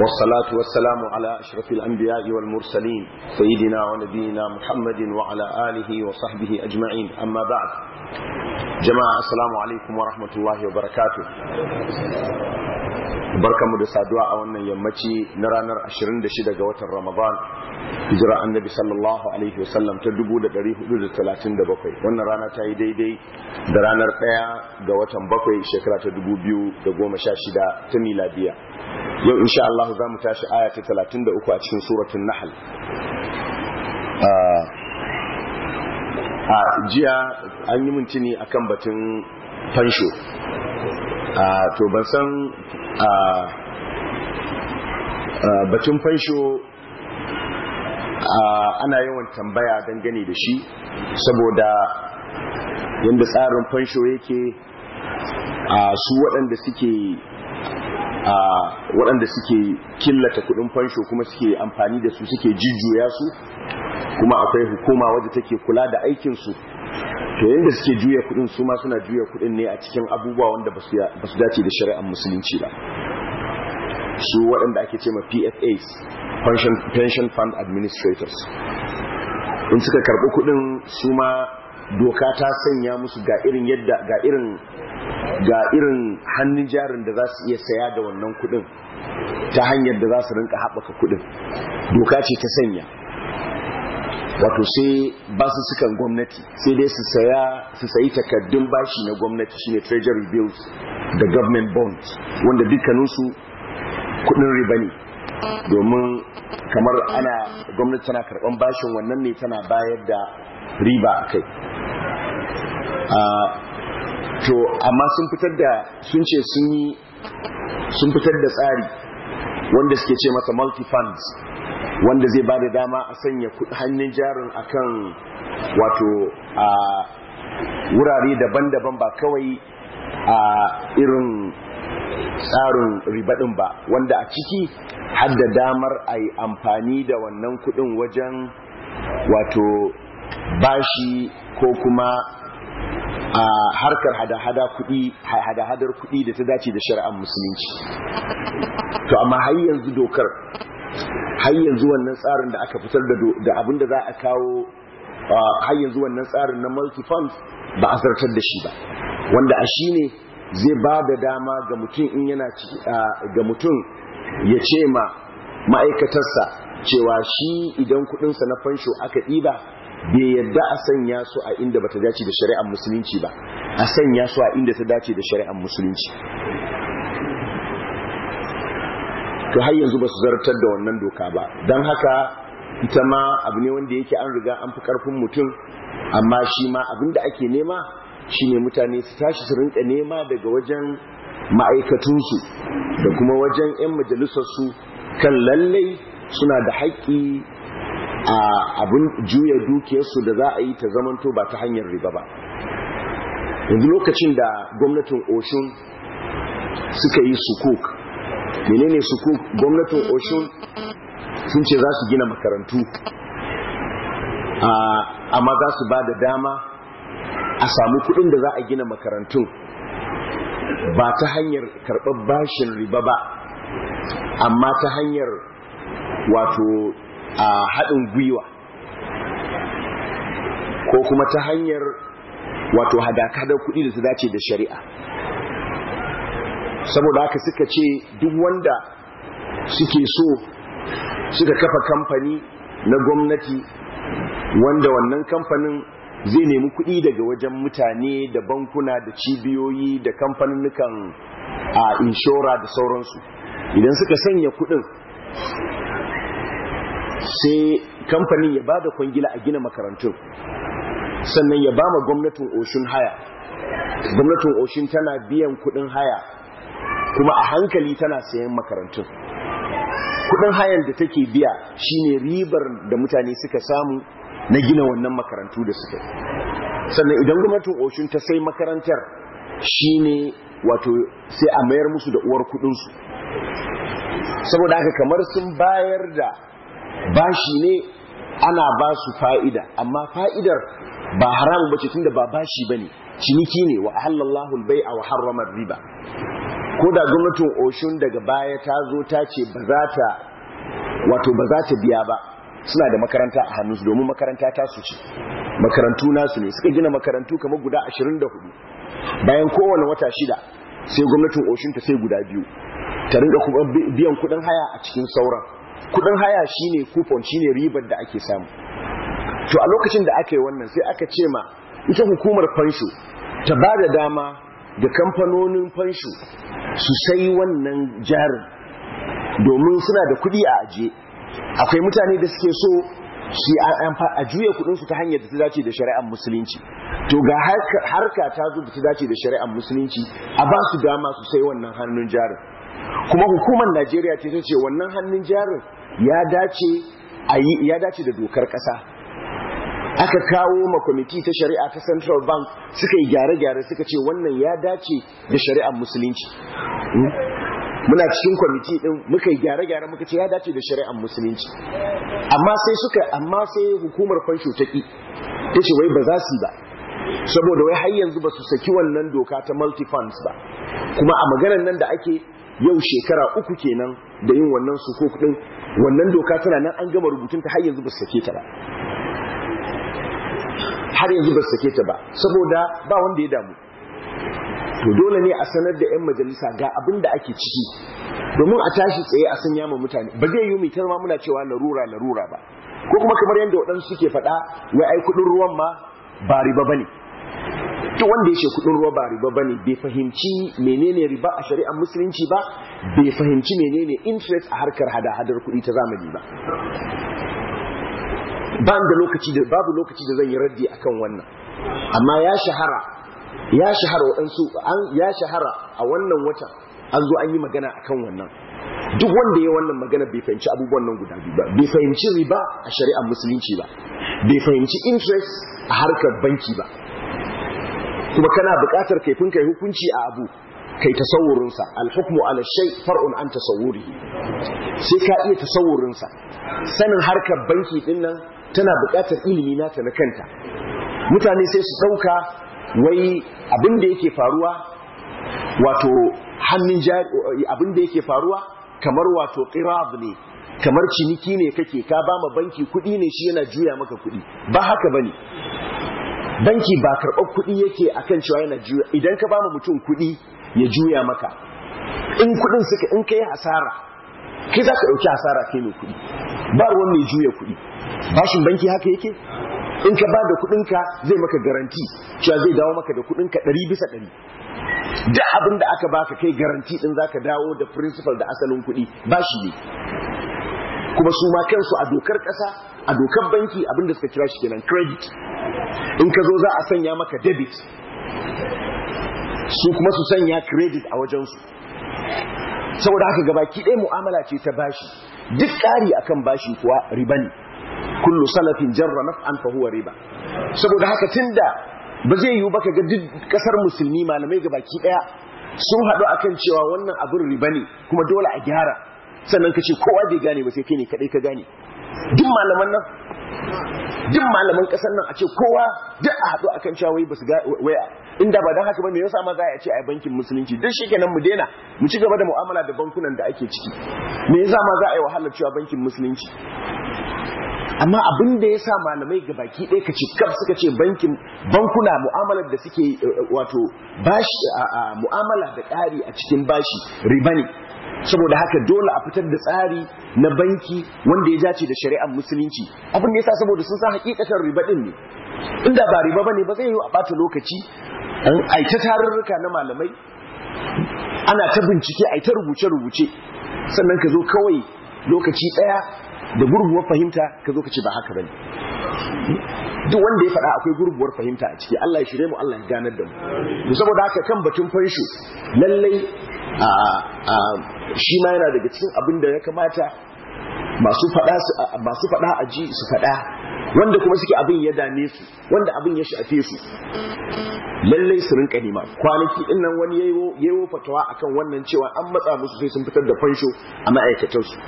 والصلاة والسلام على أشرف الأنبياء والمرسلين سيدنا ونبينا محمد وعلى آله وصحبه أجمعين أما بعد جماعة السلام عليكم ورحمة الله وبركاته barkamu da saduwa a wannan yammaci na ranar 26 ga watan Ramadan hijira annabi sallallahu alaihi wasallam ta 1437 wannan rana ta yi daidai da ranar 1 ga watan bakwai shekara ta 2016 ta miladiya yau insha Allah za mu tashi aya ta 33 a cikin suratun nahal. a jiya an yi mintini kan batun fansho to ban san batun fansho ana yawan tambaya dangane da shi saboda yadda tsarin fansho yake su waɗanda suke waɗanda suke killata kuɗin fansho kuma suke amfani da su suke jijjuya su kuma akwai hukuma wadda take kula da aikinsu to yanda suke juya kudin su ma suna juya kudin ne a cikin abubuwa wanda ba su dace da shari'ar musulunci ba su waɗanda ake ce ma pfas pension fund administrators in suka karɓi kudin su ma doka ta sanya musu ga irin yadda ga irin ga irin hannun jarin da za su iya saya da wannan kudin ta hanyar da za su rinka haɓaka kudin doka ce ta sanya wato sai basu sukan gwamnati sai dai su saya su sayi takaddun bashi na gwamnati shine treasury bills da government bonds wanda su kudin riba ne domin kamar ana gwamnati tana karban bashin wannan ne tana bayar da riba a kai to amma sun fitar da sun ce sun yi sun fitar da tsari wanda suke ce masa multi funds wanda zai ba da dama a sanya hannun jarin akan wato a wurare daban-daban ba kawai a irin tsarin ribadin ba wanda a ciki hadda damar a yi amfani da wannan kudin wajen wato bashi ko kuma a harkar hada-hadar kuɗi da ta dace da shari'ar musulunci to amma har yanzu dokar har yanzu wannan tsarin da aka fitar da abin da za a kawo har yanzu wannan tsarin na multi-fund ba a zartar da shi ba wanda a shi ne zai ba da dama ga mutum in yana ga mutum ya ce ma ma'aikatarsa cewa shi idan kuɗinsa na fansho aka ɗiba bai yadda a sanya su a inda bata dace da shari'ar musulunci ba a sanya su a inda ta dace da shari'ar musulunci to har yanzu ba su zartar da wannan doka ba don haka ita ma abu ne wanda yake an riga an fi karfin mutum amma shi ma abin da ake nema shine mutane su tashi su rinka nema daga wajen ma'aikatunsu da kuma wajen 'yan majalisarsu kan lallai suna da haƙƙi a abin juya dukiyarsu da za a yi ta zamanto ba ta hanyar riba ba yanzu lokacin da gwamnatin oshun suka yi sukuk menene sukuk gwamnatin oshun sun ce za su gina makarantu amma za su ba da dama a samu kudin da za a gina makarantun ba ta hanyar karɓar bashin riba ba amma ta hanyar wato a haɗin gwiwa ko kuma ta hanyar wato da kuɗi da su dace da shari'a saboda haka suka ce duk wanda suke so suka kafa kamfani na gwamnati wanda wannan kamfanin zai nemi kuɗi daga wajen mutane da bankuna da cibiyoyi da kamfaninnukan a inshora da sauransu idan suka sanya kuɗin sai kamfanin ya ba da kwangila a gina makarantun sannan ya ba ma gwamnatin oshin haya gwamnatin oshin tana biyan kudin haya kuma a hankali tana sayan makarantun kudin hayan da take biya shine ribar da mutane suka samu na gina wannan makarantu da suka sannan idan gwamnatin oshin ta sai makarantar shine wato sai a mayar musu da uwar kudinsu saboda haka kamar sun bayar da bashi ne ana ba su fa'ida amma fa'idar ba haramun bace da ba bashi bane ciniki ne wa halallahu bai a wa riba ko da gwamnatin oshun daga baya ta zo ta ce ba za ta wato ba za ta biya ba suna da makaranta a hannunsu domin makaranta ta su ce makarantu nasu ne suka gina makarantu kamar guda da hudu. bayan kowane wata shida sai gwamnatin oshun ta sai guda biyu ta rinka biyan kuɗin haya a cikin sauran kudin haya shine coupon shine ribar da ake samu to a lokacin da aka yi wannan sai aka ce ma ita hukumar fansho ta ba da dama da kamfanonin fansho su sai wannan jarin domin suna da kudi a aje akwai mutane da suke so shi a juya kudinsu ta hanyar da ta dace da shari'ar musulunci to ga harka ta zo da ta dace da shari'ar musulunci a ba su dama su sai wannan hannun jarin kuma hukumar najeriya ce ta ce wannan hannun jarin ya dace da dokar ƙasa aka kawo ma kwamiti ta shari'a ta central bank suka yi gyare-gyare suka ce wannan ya dace da shari'ar musulunci muna cikin kwamiti din muka yi gyare-gyare muka ce ya dace da shari'ar musulunci amma sai suka amma sai hukumar fansho ta ki ta ce wai ba za su ba saboda wai har yanzu ba su saki wannan doka ta multi funds ba kuma a maganar nan da ake yau shekara uku kenan da yin wannan ko kudin wannan doka tana nan an gama ta har yanzu ba su sake ta ba har yanzu ba su sake ta ba saboda ba wanda ya damu to dole ne a sanar da 'yan majalisa ga abin da ake ciki domin a tashi tsaye a sanya ma mutane ba zai yi mutum ma muna cewa larura larura ba ko kuma kamar yadda waɗansu suke faɗa wai ai kuɗin ruwan ma ba riba bane duk wanda ya ce kudin ruwa ba riba bane bai fahimci menene riba a shari'ar musulunci ba bai fahimci menene interest a harkar hada-hadar kuɗi ta zamani ba da lokaci da babu lokaci da zan yi raddi akan wannan amma ya shahara ya shahara waɗansu an ya shahara a wannan watan an zo an yi magana akan wannan duk wanda ya wannan magana bai fahimci abubuwan nan guda biyu ba bai fahimci riba a shari'ar musulunci ba bai fahimci interest a harkar banki ba kuma kana buƙatar kaifin kai hukunci a abu kai tasawurinsa alhukmu ala shay far'un an tasawurihi sai ka iya tasawurinsa sanin harkar banki din nan tana buƙatar ilimi nata na kanta mutane sai su ɗauka wai abin da yake faruwa wato hannun jari abin da yake faruwa kamar wato qirab ne kamar ciniki ne kake ka ba ma banki kuɗi ne shi yana juya maka kuɗi ba haka bane banki ba karɓar kuɗi yake akan cewa yana juya idan ka ba mu mutum kuɗi ya juya maka in kuɗin suka in ka yi hasara kai za ka ɗauki hasara kai mai kuɗi ba ruwan mai juya kuɗi bashin banki haka yake in ka ba da kuɗinka zai maka garanti cewa zai dawo maka da kuɗinka ɗari bisa ɗari duk abin da aka baka kai garanti ɗin za ka dawo da principal da asalin kuɗi bashi ne kuma su ma kansu a dokar ƙasa a dokar banki abin da suka kira shi kenan credit in ka zo za a sanya maka debit su kuma su sanya credit a wajensu saboda haka gabaki ɗaya mu'amala ce ta bashi duk ƙari akan bashi kuwa riba ne kullu salafin jarra naf'an fa huwa riba saboda haka tunda ba zai yiwu baka ga duk kasar musulmi malamai gabaki ɗaya sun haɗu akan cewa wannan abin riba ne kuma dole a gyara sannan ka ce kowa bai gane ba sai kai ne kaɗai ka gane duk malaman nan duk malaman kasar nan a ce kowa duk a haɗu akan cewa wai basu ga waya inda ba Don haka ba me yasa ma za a ce a bankin musulunci duk kenan mu daina mu ci gaba da mu'amala da bankunan da ake ciki me yasa ma za a yi wahalar cewa bankin musulunci amma abin da ya sa malamai ga baki ɗaya ka ci kaf suka ce bankin bankuna mu'amalar da suke eh, wato bashi a mu'amala da ƙari a cikin bashi riba ne saboda haka dole a fitar da tsari na banki wanda ya dace da shari'ar musulunci abin da yasa saboda sun san hakikatan riba din ne inda ba riba bane ba zai yi a bata lokaci an aita tarurruka na malamai ana ta bincike aita rubuce-rubuce sannan ka zo kawai lokaci daya da gurguwar fahimta ka zo ka ce ba haka bane duk wanda ya faɗa akwai gurguwar fahimta a ciki Allah ya shirye mu Allah ya ganar da mu saboda haka kan batun fansho lallai shi ma yana daga cikin abin da ya kamata masu faɗa masu a ji su faɗa wanda kuma suke abin ya dame su wanda abin ya shafe su lallai su rinka nima kwanaki din wani yayo fatawa akan wannan cewa an matsa musu sai sun fitar da fansho a su.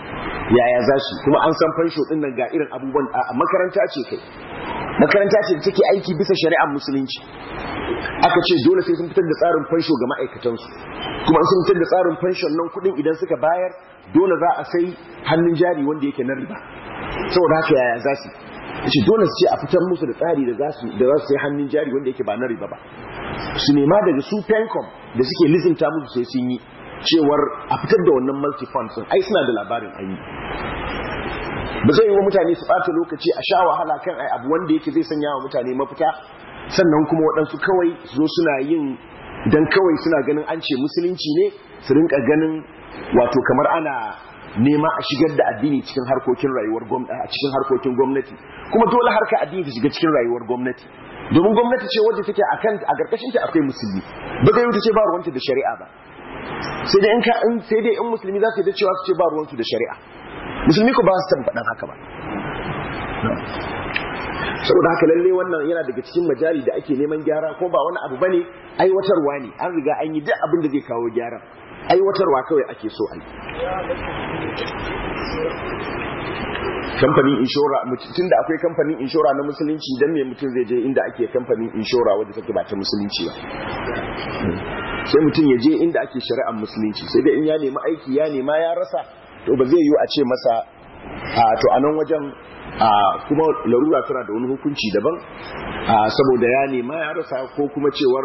yaya za su kuma an san fansho din ga irin abubuwan a makaranta ce kai makaranta ce da take aiki bisa shari'ar musulunci aka ce dole sai sun fitar da tsarin fansho ga ma'aikatansu kuma sun fitar da tsarin fanshon nan kudin idan suka bayar dole za a sai hannun jari wanda yake na riba saboda haka yaya za su ce dole su ce a fitar musu da tsari da za su sai hannun jari wanda yake ba na riba ba su nema daga su pencom da suke lizinta musu sai sun yi cewar a fitar da wannan multi fund ai suna da labarin ayi ba zai yi wa mutane su ɓata lokaci a sha wahala kan ai abu wanda yake zai sanya wa mutane mafita sannan kuma waɗansu kawai zo suna yin dan kawai suna ganin an ce musulunci ne su rinka ganin wato kamar ana nema a shigar da addini cikin harkokin rayuwar gwamnati cikin harkokin gwamnati kuma dole harka addini ta shiga cikin rayuwar gwamnati domin gwamnati ce wadda take kan a karkashin ta akwai musulmi ba zai wuce ba ruwanta da shari'a ba sai dai in sai dai in musulmi za su da cewa su ce ba ruwansu da shari'a musulmi ko ba su san faɗan haka ba saboda haka lalle wannan yana daga cikin majali da ake neman gyara ko ba wani abu bane aiwatarwa ne an riga an yi duk abin da zai kawo gyaran aiwatarwa kawai ake so a kamfanin inshora mutum da akwai kamfanin inshora na musulunci don me mutum zai je inda ake kamfanin inshora wajen take ba ta musulunci ba sai mutum ya je inda ake shari'ar musulunci sai dai in ya nemi aiki ya nema ya rasa to ba zai yiwu a ce masa a to a nan wajen a kuma larura tana da wani hukunci daban a saboda ya nema ya rasa ko kuma cewar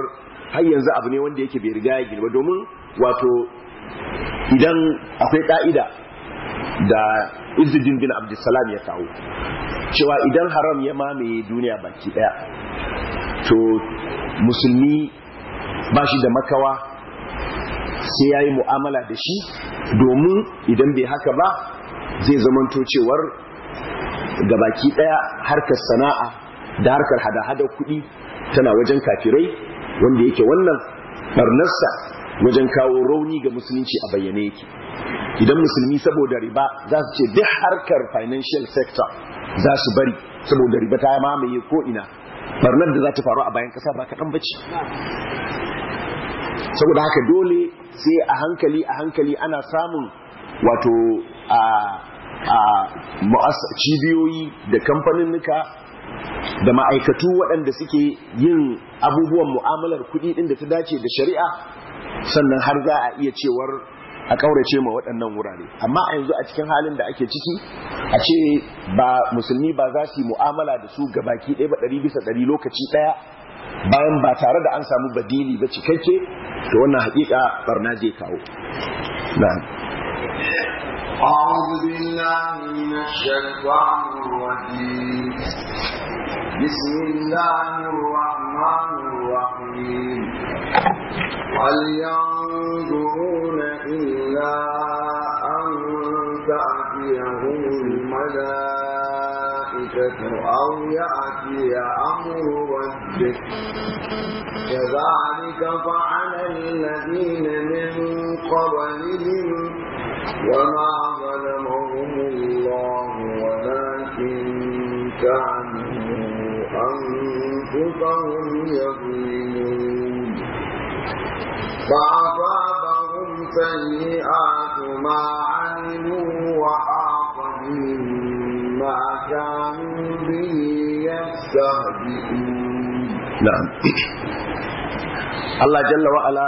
har yanzu abu ne wanda yake bai riga ya girba domin wato idan akwai ka'ida da izidin bin abdulsalam ya kawo cewa idan haram ya mamaye duniya baki daya to musulmi ba shi da makawa sai ya yi mu'amala da shi domin idan bai haka ba zai zamanto ga baki daya harkar sana'a da harkar hada-hada kuɗi tana wajen kafirai wanda yake wannan barnarsa wajen kawo rauni ga musulunci a bayyane yake idan musulmi saboda riba za su ce duk harkar financial sector za su bari saboda riba ta mamaye ko'ina. barnar da za ta faru a bayan kasa ba kaɗan bace saboda haka dole sai a hankali a hankali ana samun wato a cibiyoyi da kamfaninnika da ma'aikatu waɗanda suke yin abubuwan mu'amalar kuɗi ɗin da ta dace da shari'a sannan har za a iya cewar a kaurace ma waɗannan wurare amma a yanzu a cikin halin da ake ciki a ce ba musulmi ba za su yi mu'amala da su ga baki ɗaya ba ɗari bisa ɗari lokaci ɗaya bayan ba tare da an samu badili ba cikakke to wannan haƙiƙa barna zai kawo أعوذ بالله من الشيطان الرجيم بسم إلا أن تأتيهم الملائكة أو يأتي أمر ربك كذلك فعل الذين من قبلهم وما ظلمهم الله ولكن كانوا أنفسهم يظلمون سيئات ما عملوا وحاق بهم ما كانوا به يستهزئون نعم الله جل وعلا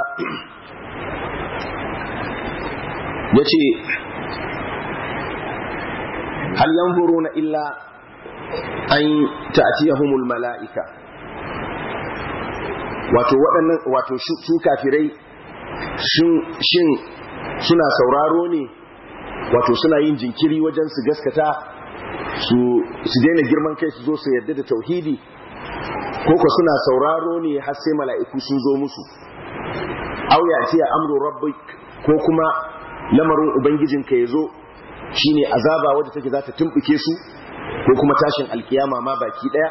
يتي هل ينظرون إلا أن تأتيهم الملائكة وتو وتو شو كافرين shin suna sauraro ne wato suna yin jinkiri wajen su gaskata su daina girman kai su zo su yarda da tauhidi ko ko suna sauraro ne har sai mala'iku sun zo musu au ya a amru rabbik ko kuma lamarin ubangijin ka yazo shine azaba wadda take za ta tumbuke su ko kuma tashin alkiyama ma baki daya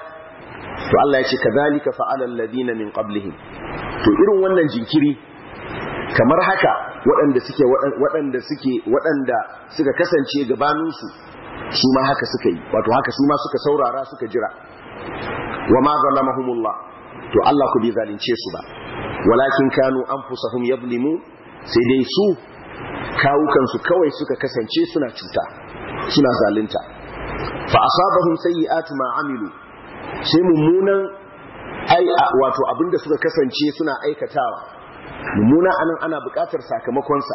to Allah ya ce kadhalika fa'ala alladhina min qablihim to irin wannan jinkiri kamar haka waɗanda suke waɗanda suke waɗanda suka kasance gabaninsu su ma haka suka yi wato haka su ma suka saurara suka jira wa ma zalamahumullah to Allah ku bi zalunce su ba walakin kanu anfusahum yablimu sai dai su kawukan su kawai suka kasance suna cuta suna zalunta fa asabahum sayyi'atu ma amilu sai mummunan ai wato abinda suka kasance suna aikatawa mummuna anan ana buƙatar sakamakonsa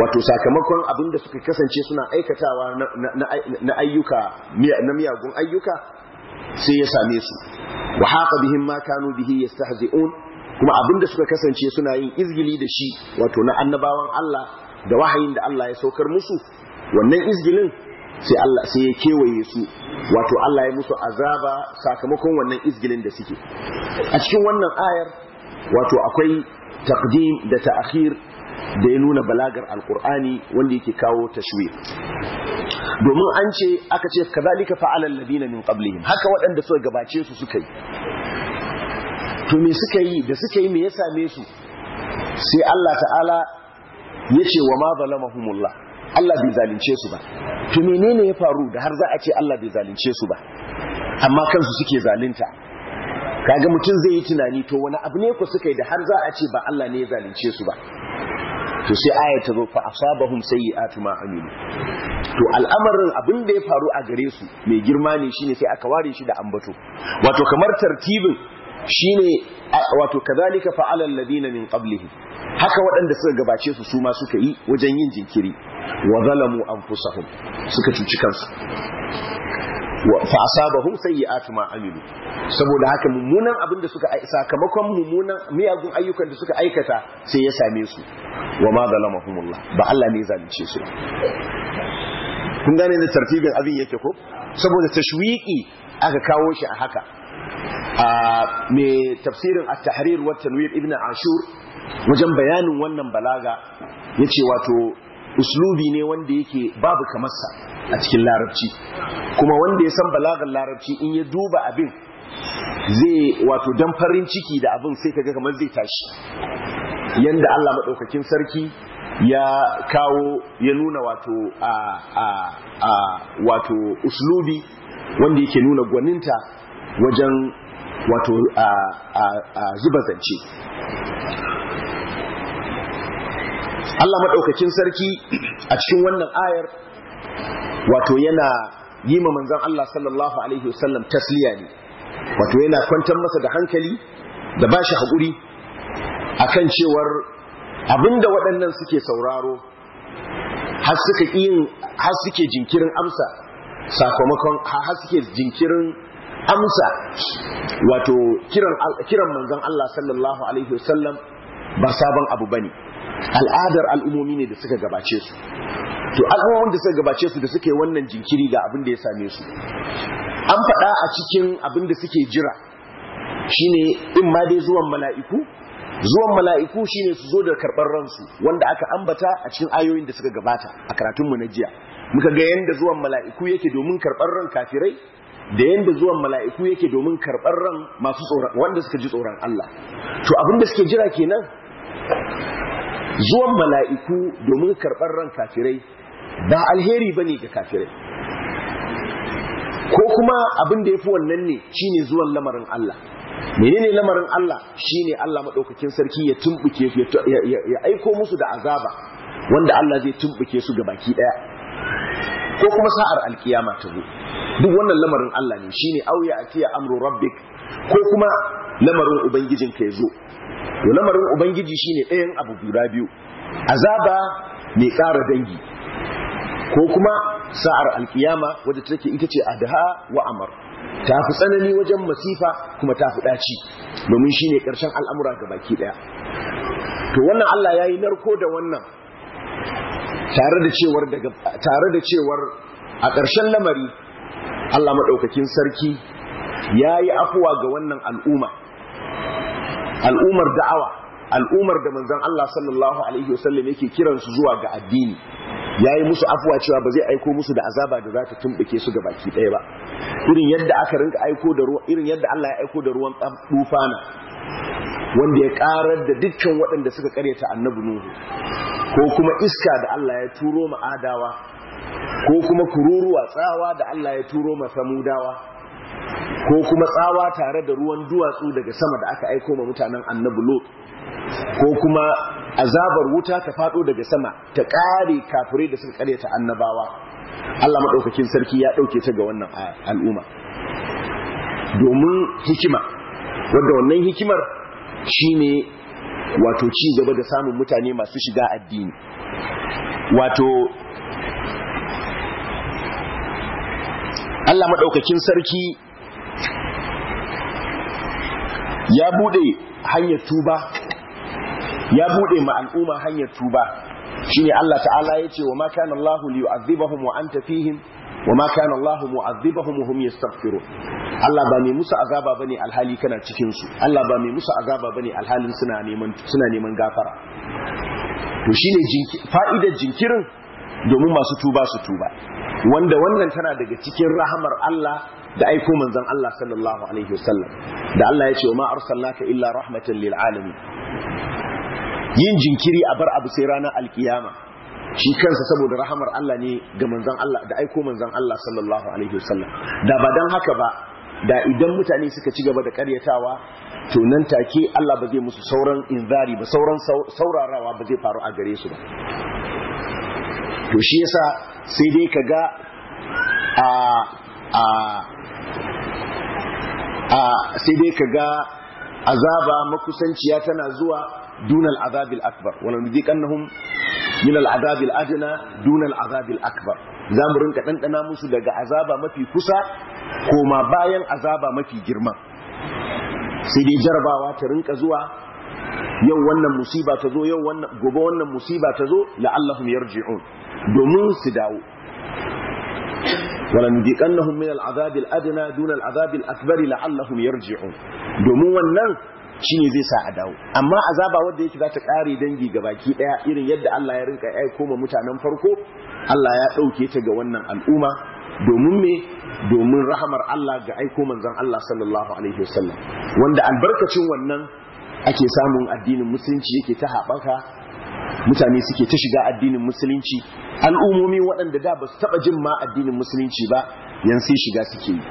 wato sakamakon abin da suka kasance suna aikatawa na ayyuka na miyagun ayyuka sai ya same su wa haqa bihim ma kanu bihi yastahzi'un kuma abin da suka kasance suna yin izgili da shi wato na annabawan Allah da wahayin da Allah ya saukar musu wannan izgilin sai Allah sai ya kewaye su wato Allah ya musu azaba sakamakon wannan izgilin da suke a cikin wannan ayar wato akwai Takdim da ta'khir da ya nuna balagar alkur'ani wanda yake kawo tashwir domin an ce aka ce kazalika fa'ala ladina min qablihim haka waɗanda suka gabace su suka yi to me suka yi da suka yi me ya same su sai Allah ta'ala ya ce wa ma zalamahumullah Allah bai zalunce su ba to menene ya faru da har za a ce Allah bai zalunce su ba amma kansu suke zalunta kaga mutum zai yi tunani to wani abu ne ku suka yi da har za a ce ba Allah ne ya zalunce su ba to sai aya ta zo fa asabahum sayyi'atu ma amilu to al'amarin abin da ya faru a gare su mai girma ne shine sai aka ware shi da ambato wato kamar tartibin shine wato kadhalika fa'ala alladhina min qablihim haka waɗanda suka gabace su su ma suka yi wajen yin jinkiri wa zalamu anfusahum suka cuci kansu fa asabahum sayyi'atu ma amilu saboda haka mummunan abin da suka sakamakon mummunan miyagun ayyukan da suka aikata sai ya same su wa ma zalamahumullah ba Allah ne zalunce su kun gane da tartibin abin yake ko saboda tashwiqi aka kawo shi a haka mai tafsirin at-tahrir wa tanwir ibn ashur wajen bayanin wannan balaga yace wato uslubi ne wanda yake babu kamarsa a cikin larabci kuma wanda ya san balagan larabci in ya duba abin zai wato dan farin ciki da abin sai kaga kamar zai tashi yanda Allah madaukakin sarki ya kawo ya nuna wato a a a wato uslubi wanda yake nuna gwaninta wajen wato a zuba zance Allah maɗaukakin sarki a cikin wannan ayar wato yana yi ma manzan Allah sallallahu Alaihi wasallam tasliya ne wato yana kwantar masa da hankali da ba shi haƙuri a kan cewar abinda waɗannan suke sauraro har suke jinkirin amsa sakamakon har suke jinkirin amsa wato kiran kiran manzon Allah sallallahu alaihi wasallam ba sabon abu bane al'adar al'umomi ne da suka gabace su to al'ummomin da suka gabace su da suke wannan jinkiri ga abin da ya same su an faɗa a cikin abin da suke jira shine in ma dai zuwan mala'iku zuwan mala'iku shine su zo da karɓar ransu wanda aka ambata a cikin ayoyin da suka gabata a karatunmu na jiya muka ga yadda zuwan mala'iku yake domin karɓar ran kafirai da yadda zuwan mala'iku yake domin karɓar ran masu tsoron wanda suka ji tsoron Allah to abin da suke jira kenan zuwan mala'iku domin karɓar ran kafirai ba alheri ba ne ga kafirai ko kuma abin da ya fi wannan ne shine zuwan lamarin Allah menene lamarin Allah shi ne Allah madaukakin sarki ya tumɓuke ya aiko musu da azaba wanda Allah zai tumɓuke su ga baki ɗaya ko kuma sa'ar alkiyama ta zo duk wannan lamarin Allah ne shine auya atiya amru rabbik ko kuma lamarin ubangijin ka yazo to lamarin ubangiji shine ɗayan abu guda biyu azaba mai ƙara dangi ko kuma sa'ar alkiyama wadda take ita ce adha wa amr ta fi tsanani wajen masifa kuma ta fi ɗaci domin shine ƙarshen al'amura ga baki ɗaya to wannan Allah ya yi narko da wannan tare da cewar a ƙarshen lamari Allah madaukakin sarki yayi afuwa ga wannan al'umma al'ummar da'awa al'ummar da manzon Allah sallallahu alaihi wasallam yake kiran su zuwa ga addini yayi musu afuwa cewa ba zai aiko musu da azaba da za ta tumbuke su ga baki ɗaya ba irin yadda aka rinka aiko da ruwa irin yadda Allah ya aiko da ruwan dufana, wanda ya ƙarar da dukkan waɗanda suka karyata annabi Nuhu ko kuma iska da Allah ya turo ma adawa ko kuma kururuwa tsawa da Allah ya turo ma samudawa ko kuma tsawa tare da ruwan duwatsu daga sama da aka aiko ma mutanen annabi lot ko kuma azabar wuta ta fado daga sama ta kare kafirai da suka karyata annabawa Allah madaukakin sarki ya dauke ta ga wannan al'umma domin hikima wanda wannan hikimar shine wato ci gaba da samun mutane masu shiga addini wato Allah maɗaukakin sarki ya buɗe hanyar tuba ya buɗe ma al'umma hanyar tuba shine Allah ta'ala ya ce wa ma kana Allahu liyu'adhibahum wa anta fihim wa ma kana Allah mu'azzibahum wa hum yastaghfirun Allah ba mai musu azaba bane alhali kana cikin su Allah ba mai musu azaba bane alhalin suna neman suna neman gafara to shine fa'idar jinkirin domin masu tuba su tuba wanda wannan tana daga cikin rahamar Allah da aiko manzon Allah sallallahu alaihi wasallam da Allah ya ce wa ma arsalnaka illa rahmatan lil alamin yin jinkiri a bar abu sai ranar alkiyama shi kansa saboda rahamar Allah ne ga manzon Allah da aiko manzon Allah sallallahu alaihi wasallam da ba dan haka ba da idan mutane suka ci gaba da ƙaryatawa, to nan take Allah ba zai musu sauran inzari ba sauran saurarawa ba zai faru a gare su ba to shi yasa sai dai kaga a a a sai dai kaga azaba makusanciya tana zuwa دون العذاب الأكبر ولنذيقنهم من العذاب الأدنى دون العذاب الأكبر za mu rinka ɗanɗana musu daga azaba mafi kusa koma bayan azaba mafi girma sai dai jarabawa ta rinka zuwa yau wannan musiba ta zo yau wannan gobe wannan musiba ta zo la'allahum yarji'un domin su dawo wala nudiqannahum min al'azab al'adna dun domin wannan Shi ne zai sa a dawo amma azaba wanda yake za ta kare dangi ga baki ɗaya irin yadda Allah ya rinka aiko ma mutanen farko Allah ya ɗauke ta ga wannan al'umma domin me domin rahamar Allah ga aiko manzon Allah sallallahu alaihi wasallam wanda albarkacin wannan ake samun addinin musulunci yake ta haɓaka mutane suke ta shiga addinin musulunci al'ummomi waɗanda da ba su taɓa jin ma addinin musulunci ba yanzu shiga suke yi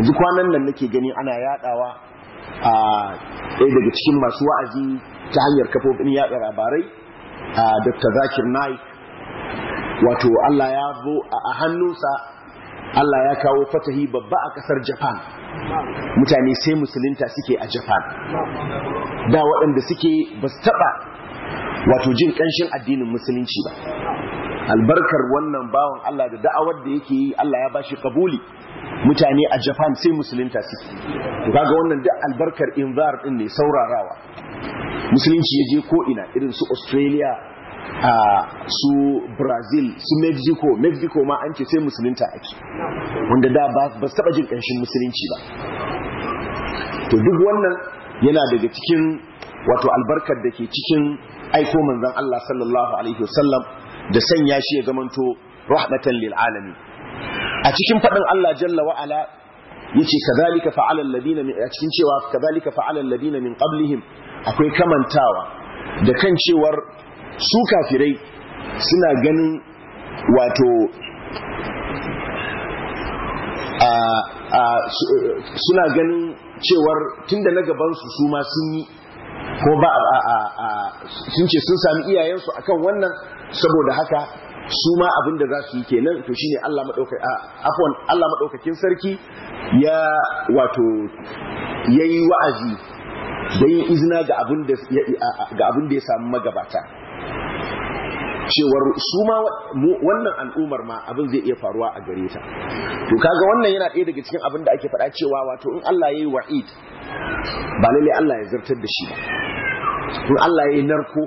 yanzu kwanan nan nake gani ana yaɗawa. a ɗaya daga cikin masu wa'azi ta hanyar kafofin yaɗa labarai a dr zakir naik wato allah ya zo a hannunsa allah ya kawo fatahi babba a ƙasar japan mutane sai musulunta suke a japan da waɗanda suke ba taɓa wato jin ƙanshin addinin musulunci ba albarkar wannan bawan Allah da da'awar da yake yi Allah ya bashi kabuli mutane a Japan sai musulunta su to kaga wannan duk albarkar inzar din ne saurarawa musulunci ya je ko ina irin su Australia a su Brazil su Mexico Mexico ma an ce sai musulunta ake wanda da ba ba taba jin kanshin musulunci ba to duk wannan yana daga cikin wato albarkar da ke cikin aiko manzon Allah sallallahu alaihi wasallam da sanya shi ya zamanto rahmatan lil alamin a cikin fadin Allah jalla wa ala yace kadhalika fa'ala min a cikin cewa kadhalika fa'ala alladina min qablihim akwai kamantawa da kan cewar su kafirai suna ganin wato a suna ganin cewar tunda na gaban su su ma sun yi ko ba sun ce sun sami iyayensu akan wannan saboda haka su ma abin da za su yi kenan to shine Allah afwan Allah madaukakin sarki ya wato yayi wa'azi da yin izina ga abin da ya samu magabata cewar su ma wannan al'ummar ma abin zai iya faruwa a gare ta to kaga wannan yana ɗaya daga cikin abin da ake faɗa cewa wato in Allah yayi wa'id ba lalle Allah ya zartar da shi ba in Allah yayi narko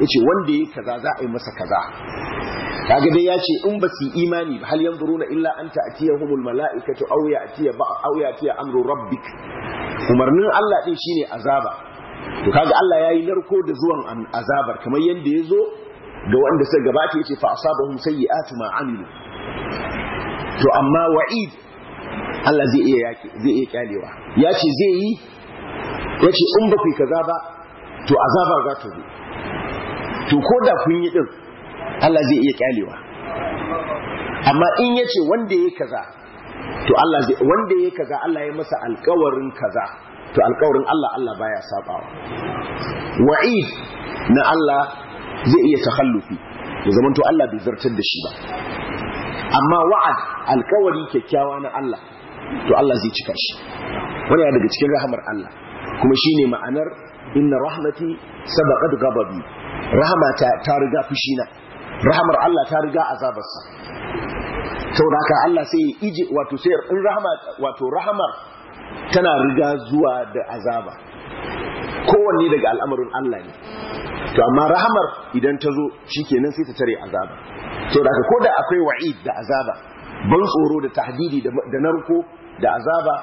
yace wanda yayi kaza za a yi masa kaza kaga dai yace in ba su imani ba hal yanzuruna illa an ta'tiyahumul mala'ikatu aw ya'tiya ba aw ya'tiya amru rabbik umarnin Allah din shine azaba to kaga Allah yayi narko da zuwan azabar kamar yanda yazo ga wanda sai gabata yace fa asabahum sayyi'atu ma amilu to amma wa'id Allah zai iya yake zai iya kyalewa yace zai yi yace in ba ku kaza ba to azaba za ta zo to ko da kun yi din Allah zai iya kyalewa amma in yace wanda yake kaza to Allah zai wanda yake kaza Allah ya masa alƙawarin kaza to alƙawarin Allah Allah baya sabawa wa'id na Allah zai iya takhallufi ya zama to Allah bai zartar da shi ba amma wa'ad alkawari kyakkyawa na Allah to Allah zai cika shi wani ya daga cikin rahamar Allah kuma shine ma'anar inna rahmati sabaqat ghadabi rahmata ta riga fushi na. rahamar Allah ta riga azabarsa saboda haka Allah sai ya ije wato sai in rahama wato rahamar tana riga zuwa da azaba kowanne daga al'amarin Allah ne to amma rahamar idan ta zo shikenan sai ta tare azaba to da ko da akwai wa'id da azaba ban tsoro da tahdidi da narko da azaba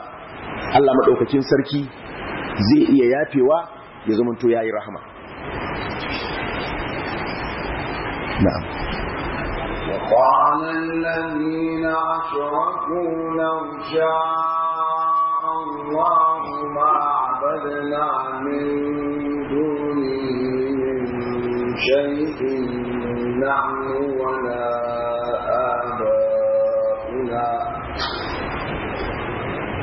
Allah madaukakin sarki zai iya yafewa ya to yayi rahama na'am وقال الذين أشركوا لو شاء الله شيء نحن ولا آباؤنا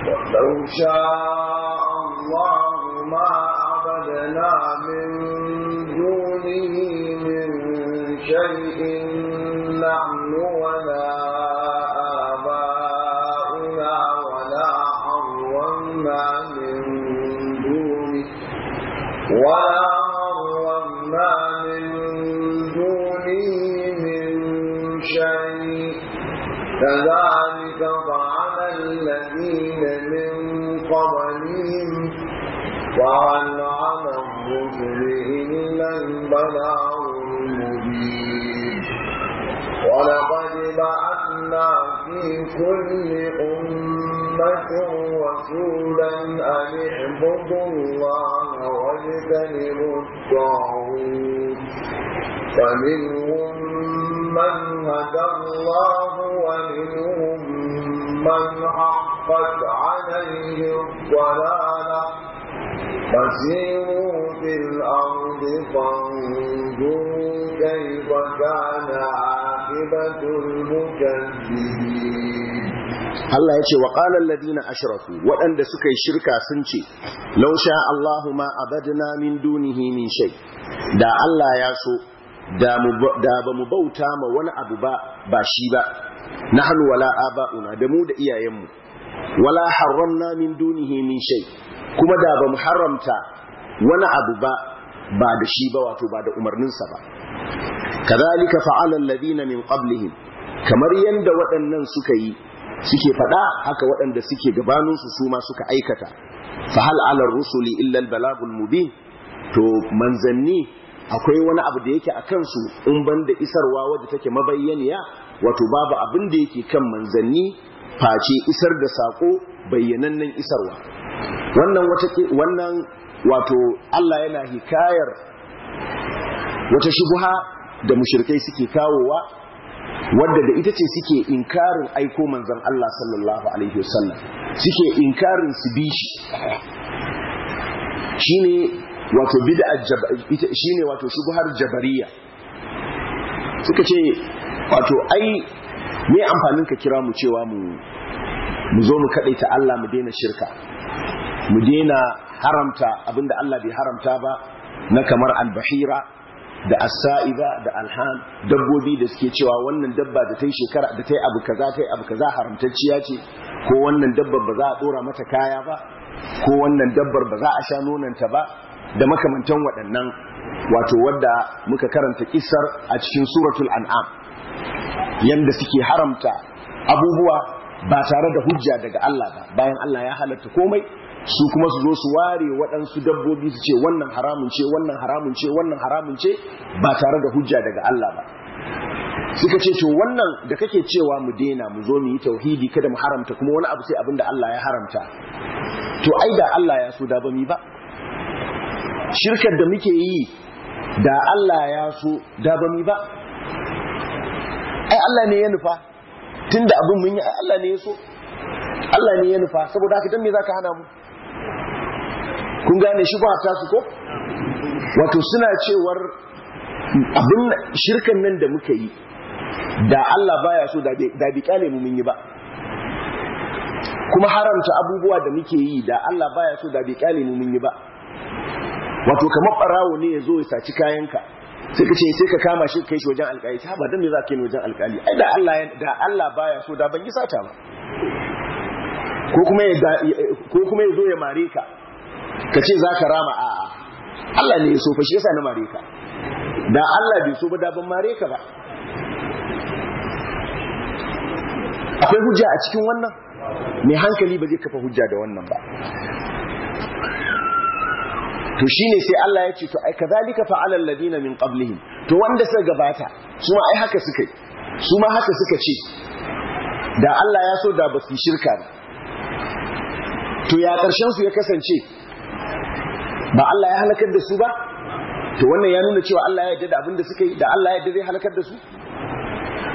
ولو شاء ولقد بعثنا في كل أمة رسولا أن اعبدوا الله واجتنبوا الطاغوت فمنهم من هدى الله ومنهم من حقت عليه الضلالة فسيروا في الأرض فانظروا Allah ya ce wa qalan ladina ashraku waɗanda suka yi shirka sun ce lausha Allahu ma abadna min dunihi min shay da Allah ya so da ba mu bauta ma wani abu ba ba shi ba nahnu wala aba'una da mu da iyayenmu wala harramna min dunihi min shay kuma da ba mu haramta wani abu ba ba da shi ba wato ba da umarninsa ba kazalika fa'alan Ladina min qablihim kamar yadda waɗannan suka yi suke faɗa haka waɗanda suke gabaninsu su ma suka aikata fa hal ala rusuli illa al balagul mubin to manzanni akwai wani abu da yake a kansu in ban da isarwa wadda take mabayyaniya wato babu abin da yake kan manzanni face isar da sako bayyanannen isarwa wannan wannan wato Allah yana hikayar wata shubha da mushrikai suke kawowa wadda da ita ce suke inkarin aiko manzon Allah sallallahu alaihi wasallam suke inkarin su bi shi shine wato bid'a shine jabariya suka ce wato ai me amfanin ka kira mu cewa mu mu zo mu ta Allah mu daina shirka mu daina haramta abinda Allah bai haramta ba na kamar albahira da asa'iba da alhan dabbobi da suke cewa wannan dabba da ta yi shekara da ta yi abu kaza ta yi abu kaza haramtacciya ce ko wannan dabbar ba za a dora mata kaya ba ko wannan dabbar ba za a sha nonanta ba da makamantan waɗannan wato wadda muka karanta kisar a cikin suratul an'am yanda suke haramta abubuwa ba tare da hujja daga Allah ba bayan Allah ya halatta komai su kuma su zo su ware waɗansu dabbobi su ce wannan haramun ce wannan haramun ce wannan haramun ce ba tare da hujja daga Allah ba suka ce to wannan da kake cewa mu daina mu zo mu yi tauhidi kada mu haramta kuma wani abu sai abin da Allah ya haramta to ai da Allah ya so da ba mi ba shirkar da muke yi da Allah ya so da ba mi ba ai Allah ne ya nufa tunda abin mun yi ai Allah ne ya so Allah ne ya nufa saboda haka dan me zaka hana mu kun gane shi ba ta su ko wato suna cewar abin shirkan nan da muka yi da Allah baya so da bi kyale mu mun yi ba kuma haramta abubuwa da muke yi da Allah baya so da bi kyale mu mun yi ba wato kamar barawo ne ya zo ya saci kayanka sai ka ce sai ka kama shi kai shi wajen alkali ta ba dan me za ka yi wajen alkali ai da Allah da Allah baya so da ban yi sata ba ko kuma ya zo ya mare ka ka ce za ka rama a'a Allah ne ya so fa shi yasa na mare ka da Allah bai so ba da ban mare ka ba akwai hujja a cikin wannan mai hankali ba zai kafa hujja da wannan ba to shine sai Allah ya ce to ai kazalika fa'ala Ladina min qablihim to wanda suka gabata su ma ai haka suka yi su ma haka suka ce da Allah ya so da ba su shirka ba to ya karshen su ya kasance ba Allah ya halakar da su ba to wannan ya nuna cewa Allah ya yarda da abin suka yi da Allah ya yarda zai halakar da su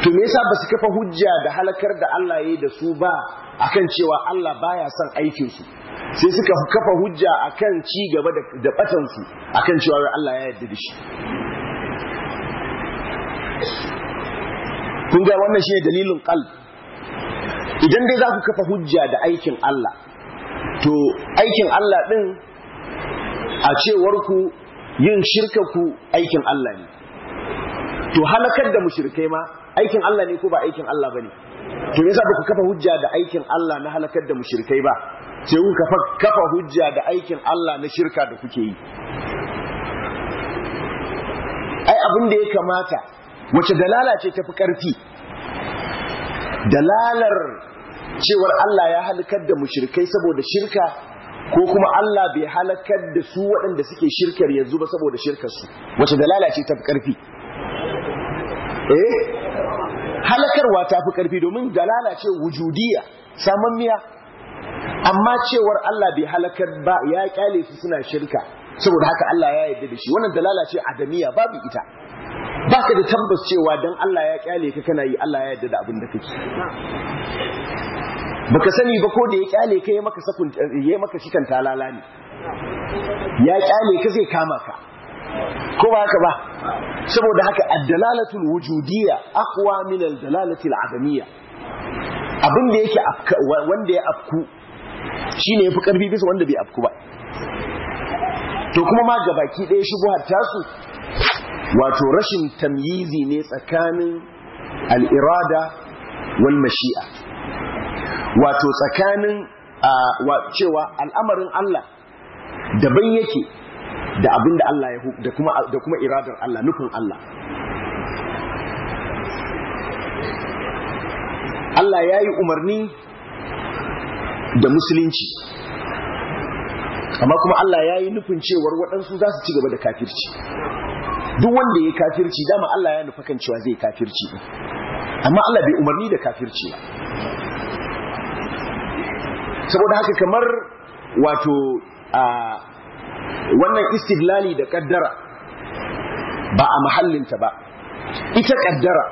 to me yasa ba su kafa hujja da halakar da Allah ya yi da su ba akan cewa Allah baya son aikin su sai suka kafa hujja akan ci gaba da batan su akan cewa Allah ya yarda da shi kun ga wannan shine dalilin qalb idan dai za ku kafa hujja da aikin Allah to aikin Allah din a cewarku yin shirka ku aikin Allah ne to halakar da mushrikai ma aikin Allah ne ko ba aikin Allah bane to yasa ba ku kafa hujja da aikin Allah na halakar da mushrikai ba sai ku kafa kafa hujja da aikin Allah na shirka da kuke yi ai abin da ya kamata wace dalala ce tafi karfi dalalar cewar Allah ya halakar da mushrikai saboda shirka ko kuma Allah bai halakar da su waɗanda suke shirkar yanzu ba saboda shirkar su wace dalala ce ta fi ƙarfi eh halakarwa ta fi ƙarfi domin dalala lalace wujudiya saman miya amma cewar Allah bai halakar ba ya kyale su suna shirka saboda haka Allah ya yarda da shi wannan dalala ce adamiya babu ita ba ka da tabbas cewa don Allah ya kyale ka kana yi Allah ya yarda da abin da kake baka sani ba ko da ya kyale ka maka sakun ya maka cikan talala ne ya kyale ka zai kama ka ko ba haka ba saboda haka ad-dalalatul wujudiyya aqwa min ad-dalalatil adamiyya abin da yake wanda ya afku shine yafi karfi bisa wanda bai afku ba to kuma ma gabaki ɗaya shigo hattasu. wato rashin tamyizi ne tsakanin al-irada wal mashi'a wato tsakanin cewa al'amarin Allah daban yake da abin da Allah ya da kuma da kuma iradar Allah nufin Allah Allah ya yi umarni da musulunci amma kuma Allah ya yi nufin cewar waɗansu za su ci gaba da kafirci duk wanda ya kafirci dama Allah ya nufa kan cewa zai kafirci amma Allah bai umarni da kafirci ba saboda haka kamar wato a wannan istiglali da kaddara ba a mahallinta ba ita kaddara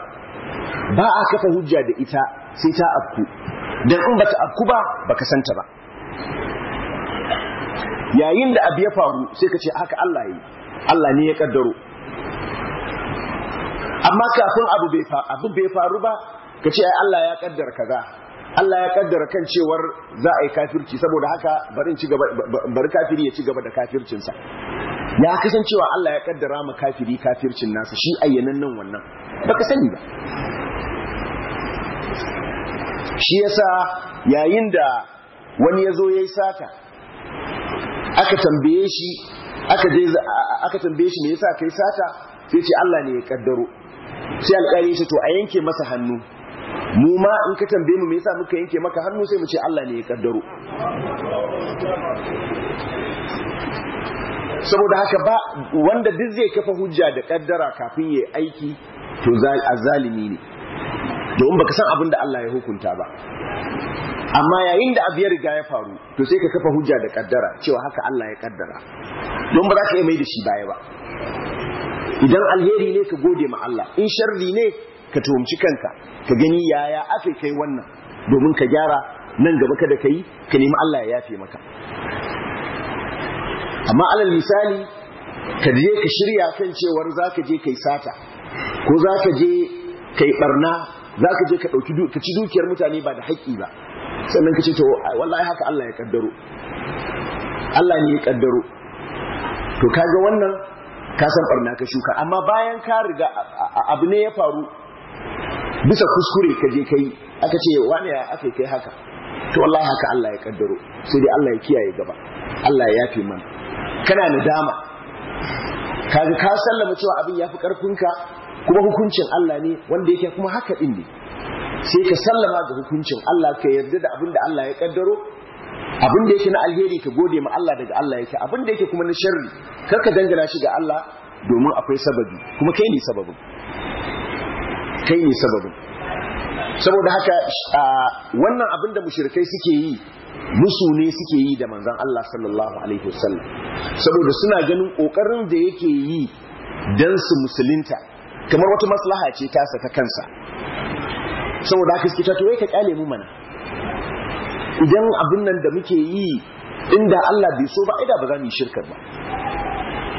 ba a kafa hujja da ita sai ta afku don in ba ta afku ba ba ka santa ba yayin da abu ya faru sai ka ce haka Allah yi Allah ne ya kaddaro amma kafin abu bai faru ba ka ce ai Allah ya kaddar kaza Allah ya kaddara kan cewar za a yi kafirci saboda haka bari kafiri ya ci gaba da kafircinsa ya kasancewa Allah ya kaddara ma kafiri kafircin nasa shi ayyanan nan wannan baka sani ba shi yasa yayin da wani ya zo ya yi sata aka tambaye shi aka tambaye shi me yasa kai sata sai ce Allah ne ya kaddaro sai alƙali shi to a yanke masa hannu mu ma in ka tambaye mu me yasa muka yanke maka hannu sai mu ce Allah ne ya kaddaro saboda haka ba wanda duk zai kafa hujja da kaddara kafin yayi aiki to azalimi ne domin baka san abin da Allah ya hukunta ba amma yayin da abu ya riga ya faru to sai ka kafa hujja da kaddara cewa haka Allah ya kaddara don ba za ka iya mai da shi baya ba idan alheri ne ka gode ma Allah in sharri ne ka tuhumci kanka ka gani yaya aka kai wannan domin ka gyara nan gaba kada ka yi ka nemi Allah ya yafe maka amma alal misali ka je ka shirya kan cewar za ka je ka yi sata ko za ka je ka yi barna za ka je ka ɗauki ka ci dukiyar mutane ba da haƙƙi ba sannan ka ce to wallahi haka Allah ya kaddaro Allah ne ya kaddaro to kaga wannan kasan san barna ka shuka amma bayan ka riga abu ne ya faru bisa kuskure ka je kai aka ce wani ya aka kai haka to wallahi haka Allah ya kaddaro sai dai Allah ya kiyaye gaba Allah ya yafe mana kana nadama kaga ka sallama cewa abin yafi karfin ka kuma hukuncin Allah ne wanda yake kuma haka din ne sai ka sallama ga hukuncin Allah ka yarda da abin da Allah ya kaddaro abin da yake na alheri ka gode ma Allah daga Allah yake abin da yake kuma na sharri kar ka dangana shi ga Allah domin akwai sababi kuma kai ne sababin kai ne sababin saboda haka wannan abin da mushrikai suke yi musu ne suke yi da manzon Allah sallallahu alaihi wasallam saboda suna ganin kokarin da yake yi dan su musulunta kamar wata maslaha ce ta saka kansa saboda haka suke ta to ka kyale mu mana idan abin nan da muke yi inda Allah bai so ba ida ba za mu yi shirkar ba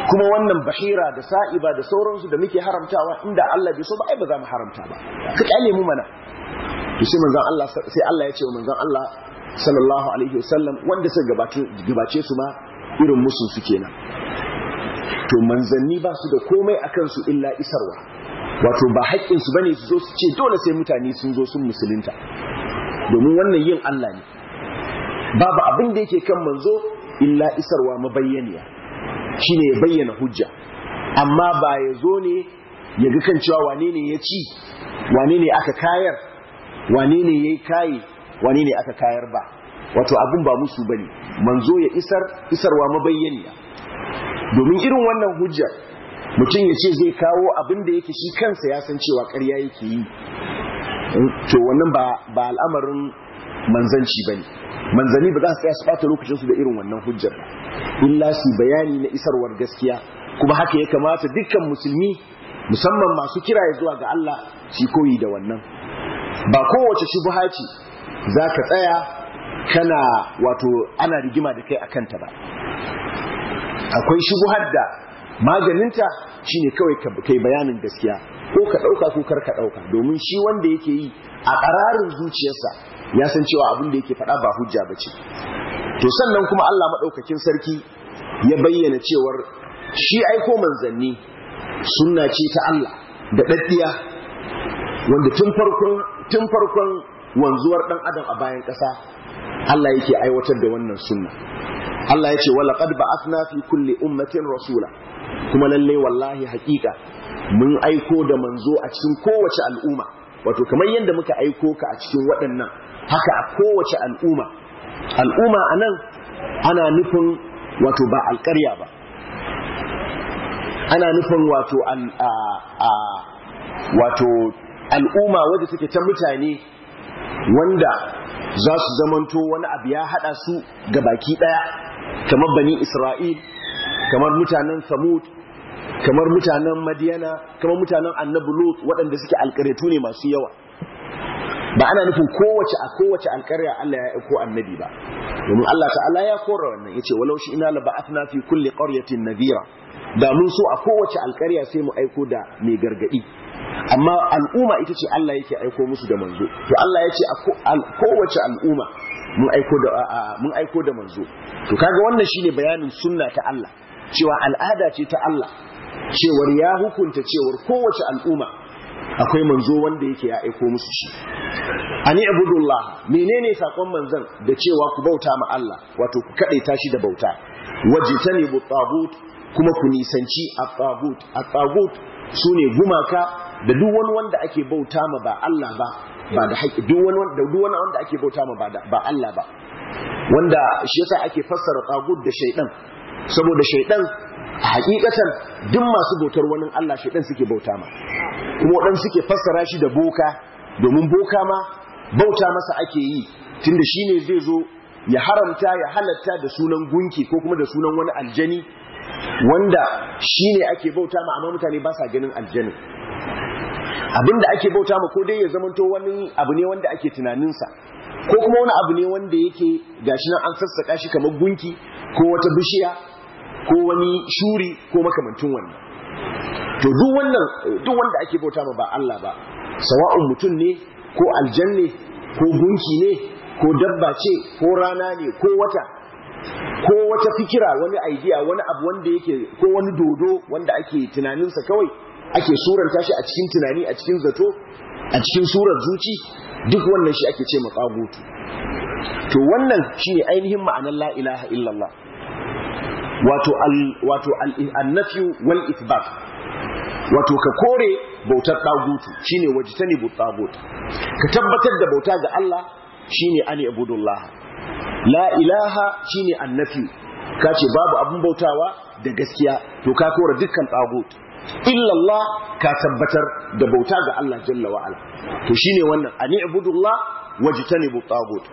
kuma wannan bahira da sa'iba da sauransu da muke haramtawa inda Allah bai so ba ai ba za mu haramta ba ka kyale mu mana to sai manzon Allah sai Allah ya ce wa manzon Allah sallallahu alaihi wasallam wanda suka gabace gabace su ma irin musu su kenan to manzanni ba su da komai akan su illa isarwa wato ba haƙƙin su bane su zo su ce dole sai mutane sun zo sun musulunta domin wannan yin Allah ne babu abin da yake kan manzo illa isarwa mabayyaniya shine ya bayyana hujja amma ba ya zo ne ya ga kan cewa wane ne ya ci wane ne aka kayar wane ne ya yi kayi wane ne aka kayar ba wato abin ba musu ba ne manzo ya isar isarwa mabayyaniya domin irin wannan hujjar mutum ya ce zai kawo abin da yake shi kansa ya san cewa karya yake yi to wannan ba al'amarin manzanci ba ne manzani ba za su tsaya su bata lokacin da irin wannan hujjar illa su bayani na isarwar gaskiya kuma haka ya kamata dukkan musulmi musamman masu kira ya zuwa ga Allah su koyi da wannan ba kowace shubha ce za ka tsaya kana wato ana rigima da kai akan ta ba akwai shubuhar da maganinta shine kawai kai bayanin gaskiya ko ka ɗauka ko kar ka ɗauka domin shi wanda yake yi a ƙararin zuciyarsa ya san cewa abin da yake faɗa ba hujja ba ce to sannan kuma Allah maɗaukakin sarki ya bayyana cewar shi aiko manzanni sunna ce ta Allah da ɗaɗɗiya wanda tun farkon wanzuwar ɗan adam a bayan ƙasa Allah yake aiwatar da wannan sunna Allah ya ce wala qad ba'athna fi kulli ummatin rasula kuma lalle wallahi haƙiƙa mun aiko da manzo a cikin kowace al'umma wato kamar yadda muka aiko ka a cikin waɗannan haka a kowace al'umma al'umma a nan ana nufin wato ba alƙarya ba ana nufin wato wato al'umma wadda suke ta mutane wanda za su zamanto wani abu ya haɗa su ga baki ɗaya kamar bani isra'il kamar mutanen samud kamar mutanen madiyana kamar mutanen annabulut lut waɗanda suke alƙaretu ne masu yawa ba ana nufin kowace a kowace alƙarya Allah ya aiko annabi ba domin Allah ta'ala ya kora wannan yace walau shi ina laba'athna fi kulli qaryatin nadhira da mun so a kowace alƙarya sai mu aiko da mai gargadi amma al'umma ita ce Allah yake aiko musu da manzo to Allah ya a kowace al'umma mun aiko da mun aiko da manzo to kaga wannan shine bayanin sunna ta Allah cewa al'ada ce ta Allah cewar ya hukunta cewar kowace al'umma akwai manzo wanda yake ya aiko musu shi ani abudullah menene sakon manzon da cewa ku bauta ma Allah wato ku kade tashi da bauta wajitani bu tagut kuma ku nisanci at-tagut at-tagut sune gumaka da duk wani wanda ake bauta ma ba Allah ba ba da haƙi duk wani wanda duk wani wanda ake bauta ma ba ba Allah ba wanda shi yasa ake fassara tagut da shaydan saboda shaydan hakikatan duk masu bautar wani Allah shaydan suke bauta ma kuma waɗansu suke fassara shi da boka domin boka ma bauta masa ake yi tunda shi ne zai zo ya haramta ya halatta da sunan gunki ko kuma da sunan wani aljani wanda shi ne ake bauta ma amma mutane ba sa ganin aljanin abin da ake bauta ma ko dai ya zamanto wani abu ne wanda ake tunaninsa ko kuma wani abu ne wanda yake gashi nan an sassaka shi kamar gunki ko wata bishiya ko wani shuri ko makamantun wannan to duk wannan duk wanda ake bauta ba Allah ba sawa'un mutum ne ko aljanne ko gunki ne ko dabba ce ko rana ne ko wata ko wata fikira wani idea wani abu wanda yake ko wani dodo wanda ake tunaninsa kawai ake suranta shi a cikin tunani a cikin zato a cikin surar zuci duk wannan shi ake ce matsagutu to wannan shine ainihin ma'anar la ilaha illallah wato al wato al wal ithbat wato ka kore bautar tagutu shine wajtani bu tagut ka tabbatar da bauta ga Allah shine ani abudullah la ilaha shine annafi ka ce babu abin bautawa da gaskiya to ka kore dukkan tagut illa Allah ka tabbatar da bauta ga Allah jalla wa ala to shine wannan ani abudullah wajtanibu tagut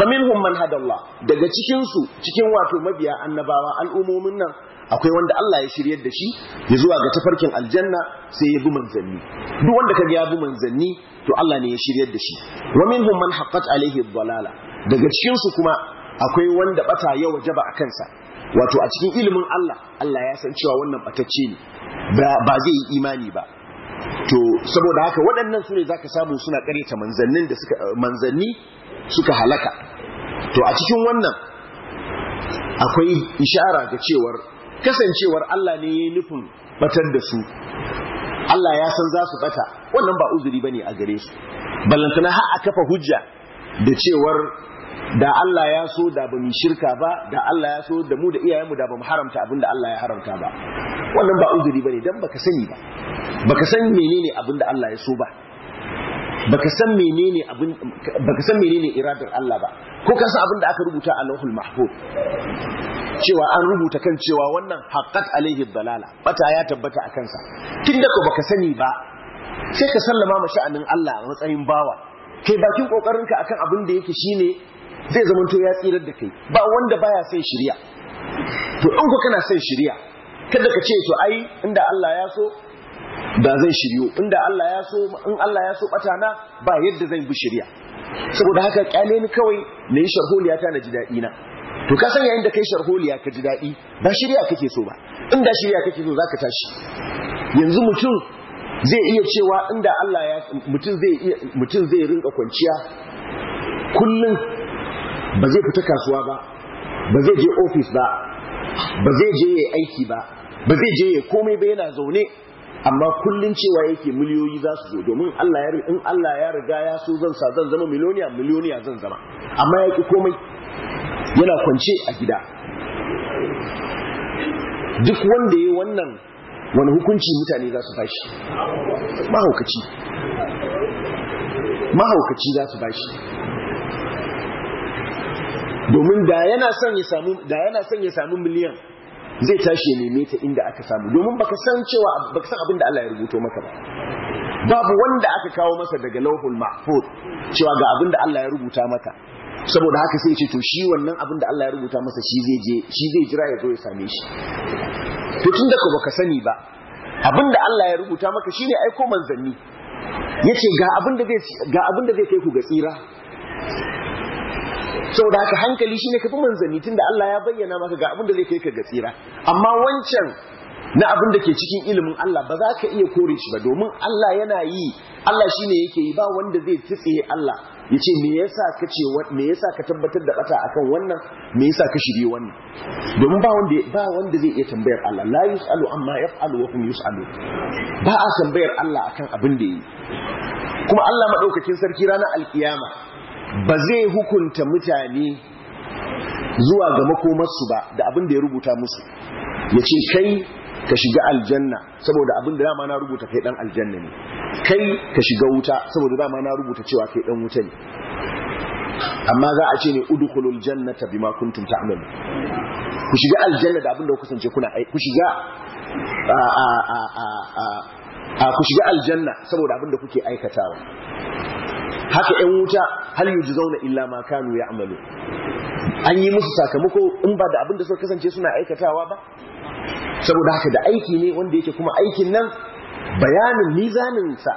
faminhum man hada Allah daga cikinsu cikin wato mabiya annabawa al'umomin nan akwai wanda Allah ya shiryar da shi ya zuwa ga tafarkin aljanna sai ya bi manzanni duk wanda kaga ya bi manzanni to Allah ne ya shiryar da shi wa minhum man haqqat alaihi dhalala daga cikin su kuma akwai wanda bata ya wajaba a kansa wato a cikin ilimin Allah Allah ya san cewa wannan batacce ne ba zai yi imani ba to saboda haka waɗannan su ne zaka samu suna ƙareta manzannin da suka manzanni suka halaka to a cikin wannan akwai ishara ga cewar kasancewar Allah ne ya yi nufin batar da su Allah ya san za su bata wannan ba uzuri ba ne a gare su ballantana ha a kafa hujja da cewar da Allah ya so da ba mu shirka ba da Allah ya so da mu da iyayenmu da ba mu haramta abin da Allah ya haramta ba wannan ba uzuri ba ne, dan baka sani ba baka san menene abin da Allah ya so ba baka san menene san menene iradar Allah ba ko ka san abin da aka rubuta a lauhul mahfuz cewa an rubuta kan cewa wannan haqqat alaihi dalala bata ya tabbata a kansa tunda ko baka sani ba sai ka sallama ma sha'anin Allah a matsayin bawa kai bakin kokarinka akan abin da yake shine zai zamanto ya tsirar da kai ba wanda baya son shirya to in ku kana son shirya kada ka ce to ai inda Allah ya so da zai shiryu inda Allah ya so in Allah ya so bata na ba yadda zan bi shirya saboda haka kyale ni kawai na yi sharholiya ta na ji daɗi na to ka sanya inda kai sharholiya ka ji daɗi ba shirya kake so ba inda shirya kake so zaka tashi yanzu mutum zai iya cewa inda Allah ya mutum zai iya mutum zai rinka kwanciya kullun ba zai fita kasuwa ba ba zai je office ba ba zai je yayi aiki ba ba zai je komai ba yana zaune amma kullum cewa yake miliyoyi za su zo domin Allah ya in Allah ya riga ya so zan sa zan zama miliyoniya miliyoniya zan zama amma ya ki komai yana kwance a gida duk wanda ya wannan wani hukunci mutane za su bashi mahaukaci mahaukaci za su bashi domin da yana son ya samu miliyan zai tashi ya neme ta inda aka samu domin baka san cewa baka san abin da Allah ya rubuto maka ba babu wanda aka kawo masa daga lauhul mahfuz cewa ga abin da Allah ya rubuta maka saboda haka sai ya ce to shi wannan abin da Allah ya rubuta masa shi zai je shi zai jira ya zo ya same shi to tunda ka baka sani ba abin da Allah ya rubuta maka shine aiko manzanni yace ga abin da zai ga abin da zai kai ku ga tsira saboda haka hankali shi shine kafi manzanni tunda Allah ya bayyana maka ga abin da zai kai ka gasira amma wancan na abin da ke cikin ilimin Allah ba za ka iya kore shi ba domin Allah yana yi Allah shine yake yi ba wanda zai tsitsiye Allah ya ce me yasa ka ce me yasa ka tabbatar da bata akan wannan me yasa ka shirye wannan domin ba wanda ba wanda zai iya tambayar Allah la yusalu amma yaf'alu wa hum yusalu ba a tambayar Allah akan abin da yi kuma Allah madaukakin sarki ranar alkiyama ba zai hukunta mutane zuwa ga makomarsu ba da abin da ya rubuta musu ya ce kai ka shiga aljanna saboda abin da dama na rubuta kai dan aljanna ne kai ka shiga wuta saboda dama na rubuta cewa kai dan wuta ne amma za a ce ne udkhulul jannata bima kuntum ta'malu ku shiga aljanna da abin da kusance kuna ku shiga a a a a ku shiga aljanna saboda abin da kuke aikatawa haka ‘yan wuta hal yi zauna illa ma kanu ya amalu an yi musu sakamako in ba da abin da suka kasance suna aikatawa ba saboda haka da aiki ne wanda yake kuma aikin nan bayanin sa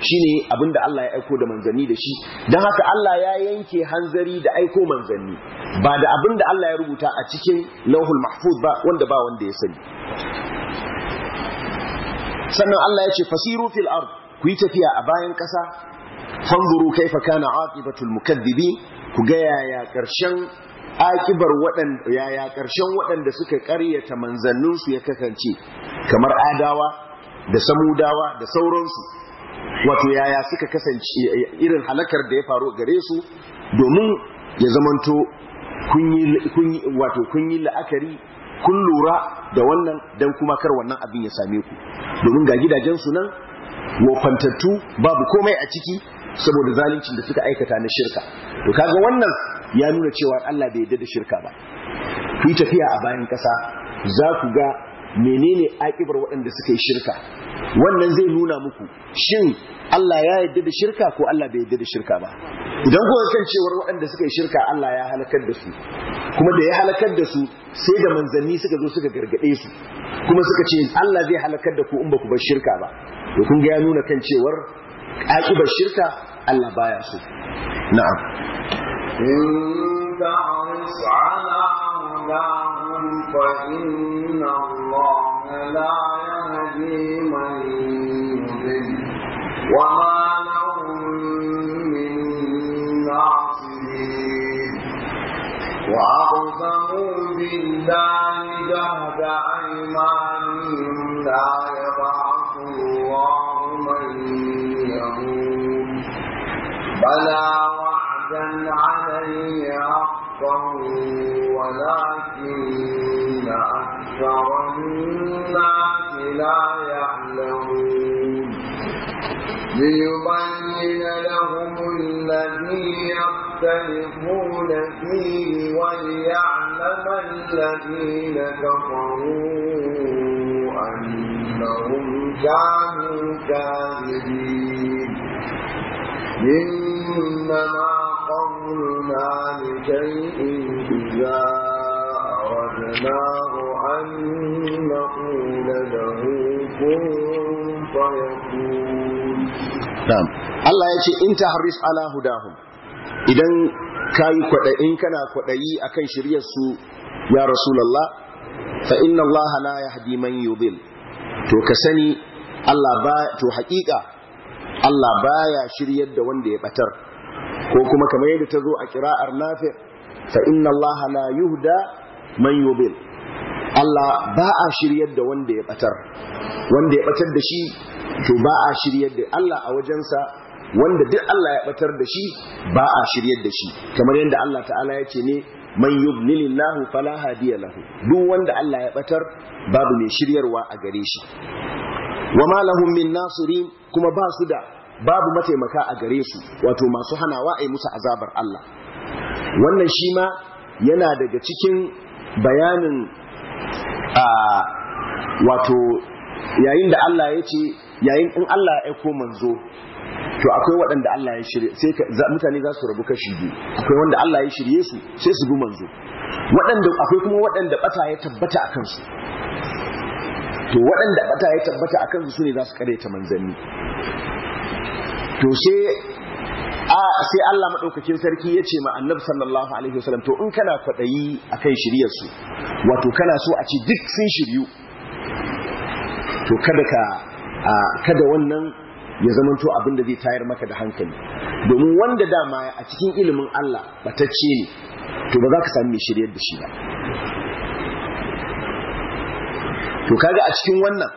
shine abin da Allah ya aiko da manzanni da shi don haka Allah ya yanke hanzari da aiko manzanni ba da abin da Allah ya rubuta a cikin lauhul mahfuz ba wanda ba wanda ya sani sannan Allah ya ce fasiru fil ard ku yi tafiya a bayan ƙasa fanzuru fa kana aqibatul mukaddibi ku ga yaya karshen akibar waɗanda yaya karshen suka ƙaryata manzannin su ya kasance kamar adawa da samudawa da sauransu wato yaya suka kasance irin halakar da ya faru gare su domin ya zamanto kun yi wato kun yi la'akari kun lura da wannan dan kuma kar wannan abin ya same ku domin ga gidajen su nan wofantattu babu komai a ciki saboda zaluncin da suka aikata na shirka to kaga wannan ya nuna cewa Allah bai yarda da shirka ba ku tafiya a bayan kasa za ku ga menene akibar waɗanda suka yi shirka wannan zai nuna muku shin Allah ya yarda da shirka ko Allah bai yarda da shirka ba idan kuka kan cewar waɗanda suka yi shirka Allah ya halakar da su kuma da ya halakar da su sai da manzanni suka zo suka gargaɗe su kuma suka ce Allah zai halakar da ku in ba ku bar shirka ba to kun ga ya nuna kan cewar aƙibar shirka Allah baya so na'am in ta'ris ala hudahum fa inna Allah la yahdi man yudil wa ma lahum min nasirin wa aqsamu billah إنما قولنا لشيء إذا أردناه أن نقول له كن فيكون نعم الله يجي إن تحرص على هداهم إذن kayi in kana kwaɗayi akan shiryar su ya rasulallah fa inna allaha la yahdi man yudil to ka sani Allah ba to haƙiƙa Allah baya shiryar da wanda ya batar ko kuma kamar yadda ta zo a kira'ar nafi' fa inna Allah la yuhda man yubil Allah ba a shiryar da wanda ya batar wanda ya batar da shi to ba a shiryar da Allah a wajensa wanda duk Allah ya batar da shi ba a shiryar da shi kamar yadda Allah ta'ala ya ce ne man yudlilillahu fala hadiya lahu duk wanda Allah ya batar babu mai shiryarwa a gare shi wa ma lahum min nasirin kuma ba su da babu mataimaka a gare su wato masu hanawa ai musu azabar Allah wannan shi ma yana daga cikin bayanin a wato yayin da Allah ya ce yayin in Allah ya aiko manzo to akwai waɗanda Allah ya shirye sai mutane za su rabu kashi biyu akwai wanda Allah ya shirye su sai su bi manzo akwai kuma waɗanda bata ya tabbata a kansu to waɗanda ɓata ya tabbata a kan su ne za su ta manzanni to sai Allah maɗaukakin sarki ya ce ma annabi sallallahu alaihi wasallam to in kana kwaɗayi a kan shiryarsu wato kana so a ci duk sun shiryu to kada ka kada wannan ya zamanto abin da zai tayar maka da hankali domin wanda dama a cikin ilimin Allah batacce ne to ba za ka sami mai shiryar da shi ba to kaga a cikin wannan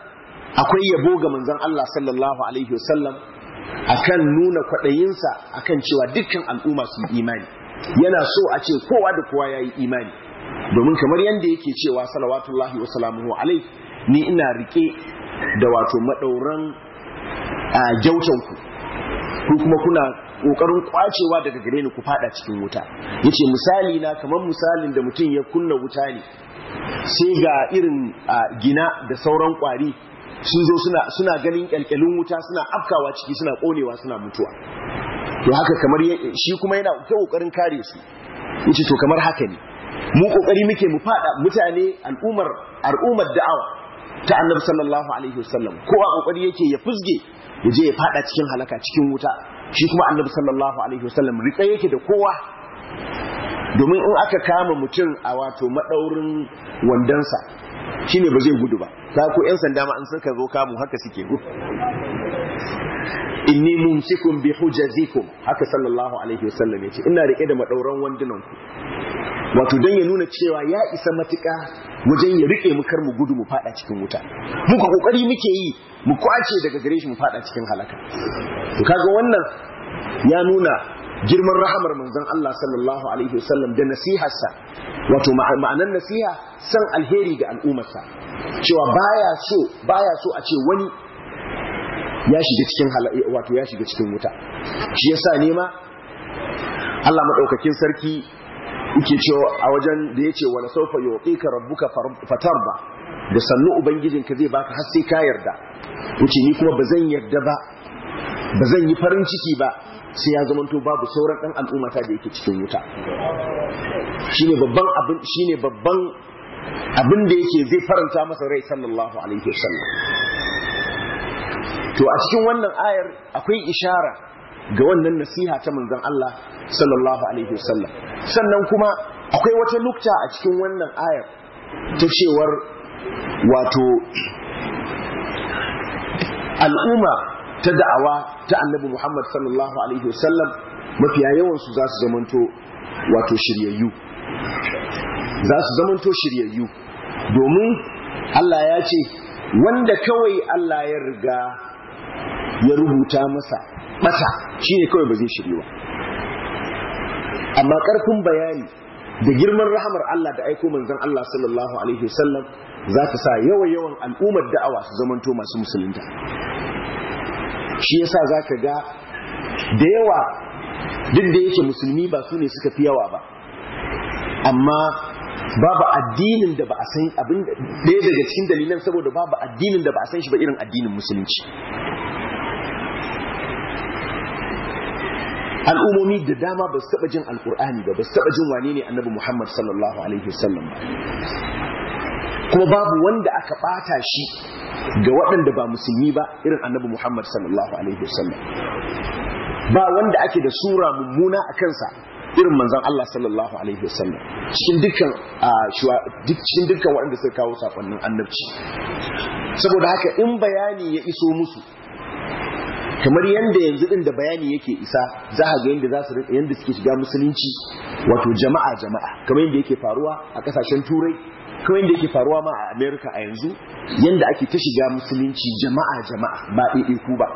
akwai yabo ga manzon Allah sallallahu alaihi wasallam akan nuna kwaɗayinsa akan cewa dukkan al'umma su imani yana so a ce kowa da kowa yayi imani domin kamar yadda yake cewa salawatullahi wa salamuhu alaihi ni ina rike da wato madauran a jautanku ku kuma kuna kokarin kwacewa daga gare ni ku fada cikin wuta yace misali na kamar misalin da mutum ya kunna wuta ne sai ga irin gina da sauran kwari sun zo suna ganin kyalkyalin wuta suna afkawa ciki suna konewa suna mutuwa to haka kamar shi kuma yana kokarin kare su yace to kamar haka ne mu kokari muke mu fada mutane al'ummar al'umar da'awa ta annabi sallallahu alaihi wasallam ko a kokari yake ya fusge ya je ya fada cikin halaka cikin wuta shi kuma annabi sallallahu alaihi wasallam rike yake da kowa domin in aka kama mutum a wato madaurin wandonsa shine ba zai gudu ba ta ko yan sanda ma an suka zo kamu haka suke gudu inni mumsikum bi hujazikum haka sallallahu alaihi wasallam yace ina rike da madauran wandunan ku wato dan ya nuna cewa ya isa matuka wajen ya rike mu kar mu gudu mu fada cikin wuta muka kokari muke yi mu kwace daga gare shi mu fada cikin halaka to kaga wannan ya nuna girman rahamar manzon Allah sallallahu alaihi wasallam da nasiharsa wato ma'anar nasiha san alheri ga al'ummarsa cewa baya so baya so a ce wani ya shiga cikin wato ya shiga cikin wuta shi yasa nema Allah madaukakin sarki yake cewa a wajen da ya ce yace ka rabu ka fatar ba da sannu ubangijinka zai baka har sai ka yarda wuce ni kuma bazan yarda ba bazan yi farin ciki ba sai ya zamanto babu sauran dan al'ummata da yake cikin wuta shine babban abin babban abin da yake zai faranta masa rai sallallahu alaihi wasallam to a cikin wannan ayar akwai ishara ga wannan nasiha ta manzon Allah sallallahu alaihi wasallam sannan kuma akwai wata lukta a cikin wannan ayar ta cewar wato al'umma ta da'awa ta annabi Muhammad sallallahu alaihi wasallam mafiya yawan su za su zamanto wato shiryayyu za su zamanto shiryayyu domin Allah ya ce wanda kawai Allah ya riga ya rubuta masa shi ne kawai ba zai shiri ba amma ƙarfin bayani da girman rahamar Allah da aiko manzon Allah sallallahu alaihi wasallam za ta sa yawa yawan al'ummar da'awa su zamanto masu musulunta shi yasa ka ga da yawa duk da yake musulmi ba su ne suka fi yawa ba amma babu addinin da ba a san abin da daga cikin dalilan saboda babu addinin da ba a san shi ba irin addinin musulunci al'umomi da dama ba su taba jin alkur'ani ba ba su taba jin wane ne annabi muhammad sallallahu alaihi wasallam kuma babu wanda aka bata shi ga waɗanda ba musulmi ba irin annabi muhammad sallallahu alaihi wasallam ba wanda ake da sura mummuna a kansa irin manzan Allah sallallahu alaihi wasallam cikin dukkan cikin dukkan waɗanda suka kawo sakonnin annabci saboda haka in bayani ya iso musu kamar yadda yanzu din da bayani yake isa za ga yadda za su yadda suke shiga musulunci wato jama'a jama'a kamar yadda yake faruwa a kasashen turai kamar yadda yake faruwa ma a Amerika a yanzu yadda ake ta shiga musulunci jama'a jama'a ba ku ba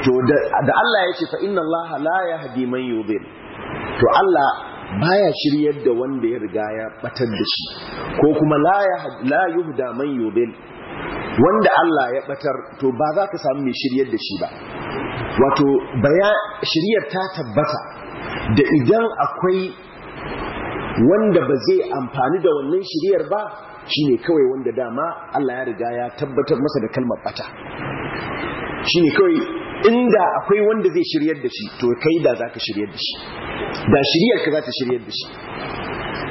to da Allah ya ce fa inna Allah la hadi man yudhil to Allah baya shiryar da wanda ya riga ya batar da shi ko kuma la yuhda man yudhil wanda Allah ya batar to ba za ka samu mai shiryar da shi ba wato shiryar ta tabbata da idan akwai wanda ba zai amfani da wannan shiryar ba shine kawai wanda dama Allah ya riga ya tabbatar masa da kalmar bata shine kawai inda akwai wanda zai shiryar da shi to kai da za ka shiryar da shi da shiryar ka za ta shiryar da shi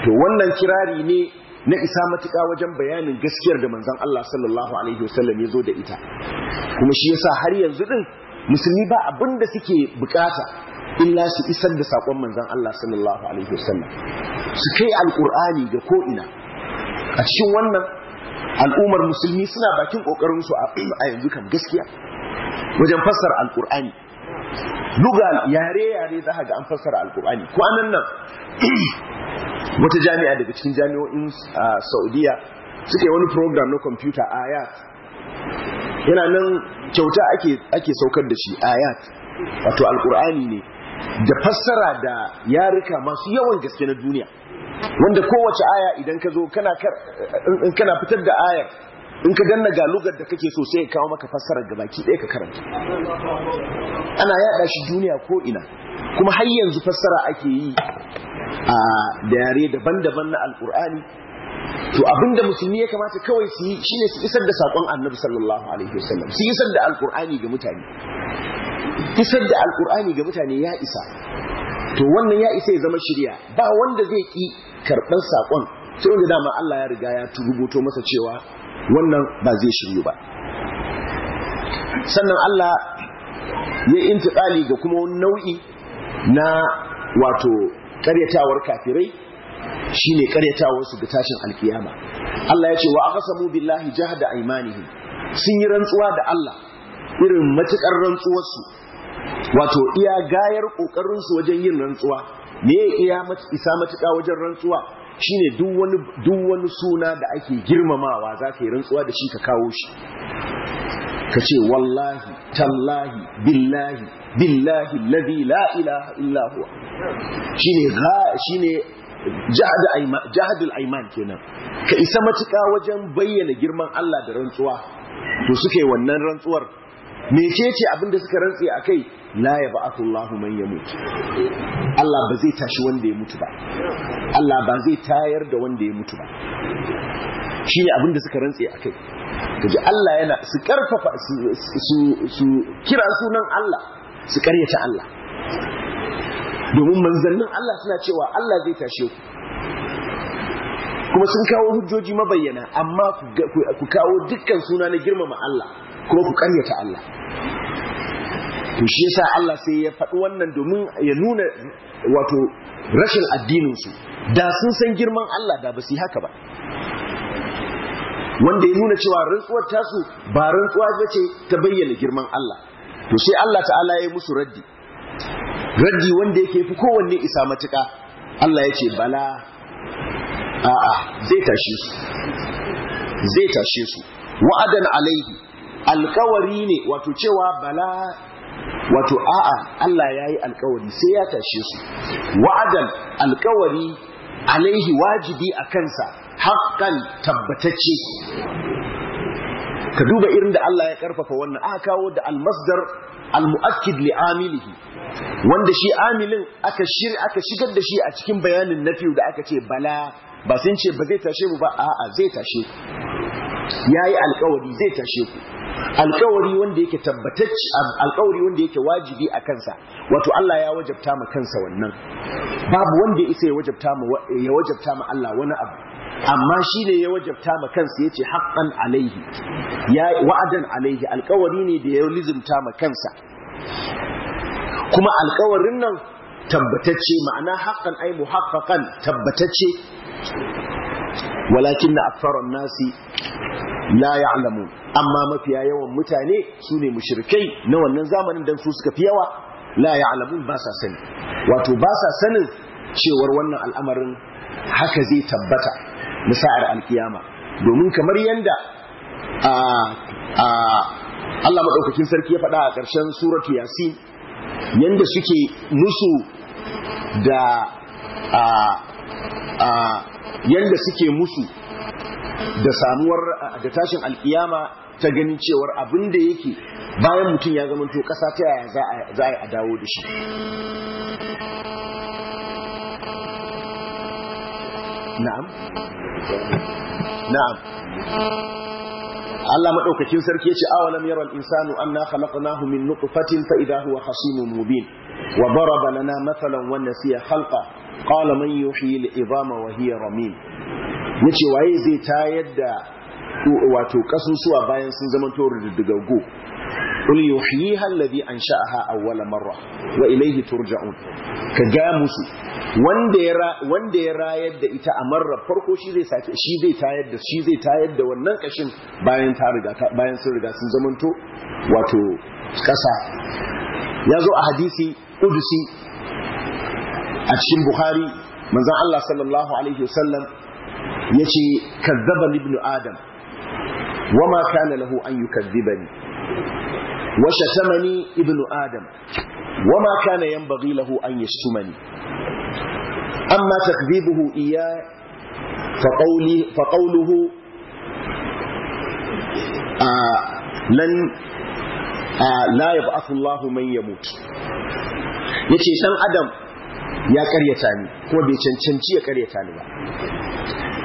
to wannan kirari ne na isa matuƙa wajen bayanin gaskiyar da manzon Allah sallallahu alaihi wasallam ya zo da ita kuma shi yasa har yanzu din musulmi ba abin da suke bukata illa su isar da sakon manzon Allah sallallahu alaihi wasallam su kai alqur'ani ga ko'ina. a cikin wannan al'ummar musulmi suna bakin ƙoƙarin su a yanzu kan gaskiya wajen fassara alqur'ani lugal yare yare za ga an fassara alqur'ani ko kwanan nan wata jami'a daga cikin jami'o'in saudiya suke wani program na kwamfuta ayat yana nan kyauta ake saukar da shi ayat wato alkur'ani ne da fassara da yarika masu yawan gaske na duniya wanda kowace aya idan ka zo kana fitar da ayar in ka danna galugar da kake so sai kawo maka fassarar ga baki ɗaya ka karanta ana yaɗa shi duniya ko ina kuma har yanzu fassara ake yi da yare daban-daban na alkur'ani to abinda musulmi ya kamata kawai su yi shine su isar da saƙon annabi sallallahu alaihi wasallam su isar da alkur'ani ga mutane isar da alkur'ani ga mutane ya isa to wannan ya isa ya zama shirya ba wanda zai ki karɓar saƙon, sai wanda dama Allah ya riga ya rubuto masa cewa wannan ba zai shiryu ba sannan Allah ya intiƙali ga kuma wani nau'i na wato karyatawar kafirai shine karyatawar su ga tashin alkiyama Allah ya ce wa samu billahi da aymanihim sun yi rantsuwa da Allah irin matukar rantsuwar su wato iya gayar kokarin wajen yin rantsuwa me iya isa matuka wajen rantsuwa shine duk wani duk wani suna da ake girmamawa za ka yi rantsuwa da shi ka kawo shi ka ce wallahi tallahi billahi billahi alladhi la ilaha illa huwa shine shine jahadul aiman kenan ka isa matuka wajen bayyana girman Allah da rantsuwa to suke wannan rantsuwar mecece abin da suka rantsi a kai la ya ba'athu Allahu man yamut Allah ba zai tashi wanda ya mutu ba Allah ba zai tayar da wanda ya mutu ba shine abin da suka rantsi a kai kaji Allah yana su karfafa su kira sunan Allah su karyata Allah domin manzannin Allah suna cewa Allah zai tashe ku kuma sun kawo hujjoji mabayyana amma ku kawo dukkan suna na girmama Allah kuma ku karyata Allah to shi yasa Allah sai ya faɗi wannan domin ya nuna wato rashin addininsu da sun san girman Allah da ba su haka ba wanda ya nuna cewa rantsuwar tasu ba rantsuwa ba ce ta bayyana girman Allah to sai Allah ta'ala ya yi musu raddi raddi wanda yake fi kowanne isa matuƙa Allah ya ce bala a'a zai tashe su zai tashe su wa'adan alaihi alkawari ne wato cewa bala wato a'a Allah ya yi alkawari sai ya tashe su wa'adan alkawari alaihi wajibi a kansa haƙƙan tabbatacce ka duba irin da Allah ya karfafa wannan aka kawo da almasdar almuakkid li amilihi wanda shi amilin aka shir aka shigar da shi a cikin bayanin nafiu da aka ce bala ba sun ce ba zai tashe mu ba a'a zai tashe ku. yayi alƙawari zai tashe ku Alƙawari wanda yake tabbatacce alkawari wanda yake wajibi a kansa wato Allah ya wajabta ma kansa wannan babu wanda ya isa ya wajabta ma Allah wani abu amma shi ne ya wajabta ma kansa ce haƙƙan alaihi ya wa'adan alaihi alƙawari ne da ya lizimta ma kansa kuma alƙawarin nan tabbatacce ma'ana haƙƙan ai muhaqqaqan tabbatacce walakin na aktharun nasi la ya'lamun amma mafiya yawan mutane su ne mushrikai na wannan zamanin dan su suka fi yawa la ya'lamun ba sa sani wato ba sa sanin cewar wannan al'amarin haka zai tabbata na sa'ar alkiyama domin kamar yanda Allah maɗaukakin sarki ya faɗa a ƙarshen suratu yasin yanda suke musu da yanda suke musu da samuwar da tashin alkiyama ta ganin cewar abin da yake bayan mutum ya zama to ƙasa ta yaya za a dawo da shi na'am na'am Allah madaukakin sarki yace awalam yara al-insanu anna khalaqnahu min nutfatin fa idha huwa khasimun mubin wa daraba lana mathalan wa nasiya khalqa qala man yuhyi al-idama wa hiya ramim yace waye zai tayar da wato kasusuwa bayan sun zama to rididdigaggo qul yuhyiha alladhi ansha'aha awwala marra wa ilayhi turja'un ka ga musu wanda ya rayar da ita a marar farko shi zai sake shi zai tayar da shi zai tayar da wannan kashin bayan ta riga bayan sun riga sun zamanto wato kasa ya zo a hadisi kudusi a cikin bukhari manzon Allah sallallahu alaihi wasallam yace kazzaba ibn adam wama kana lahu an yukazzibani wa shatamani ibn adam wama kana yanbaghi lahu an yashtumani amma takzibuhu iya fa qawluhu lan la yab'athu Allahu man yamut yace dan adam ya karyata ni kuma bai cancanci ya karyata ni ba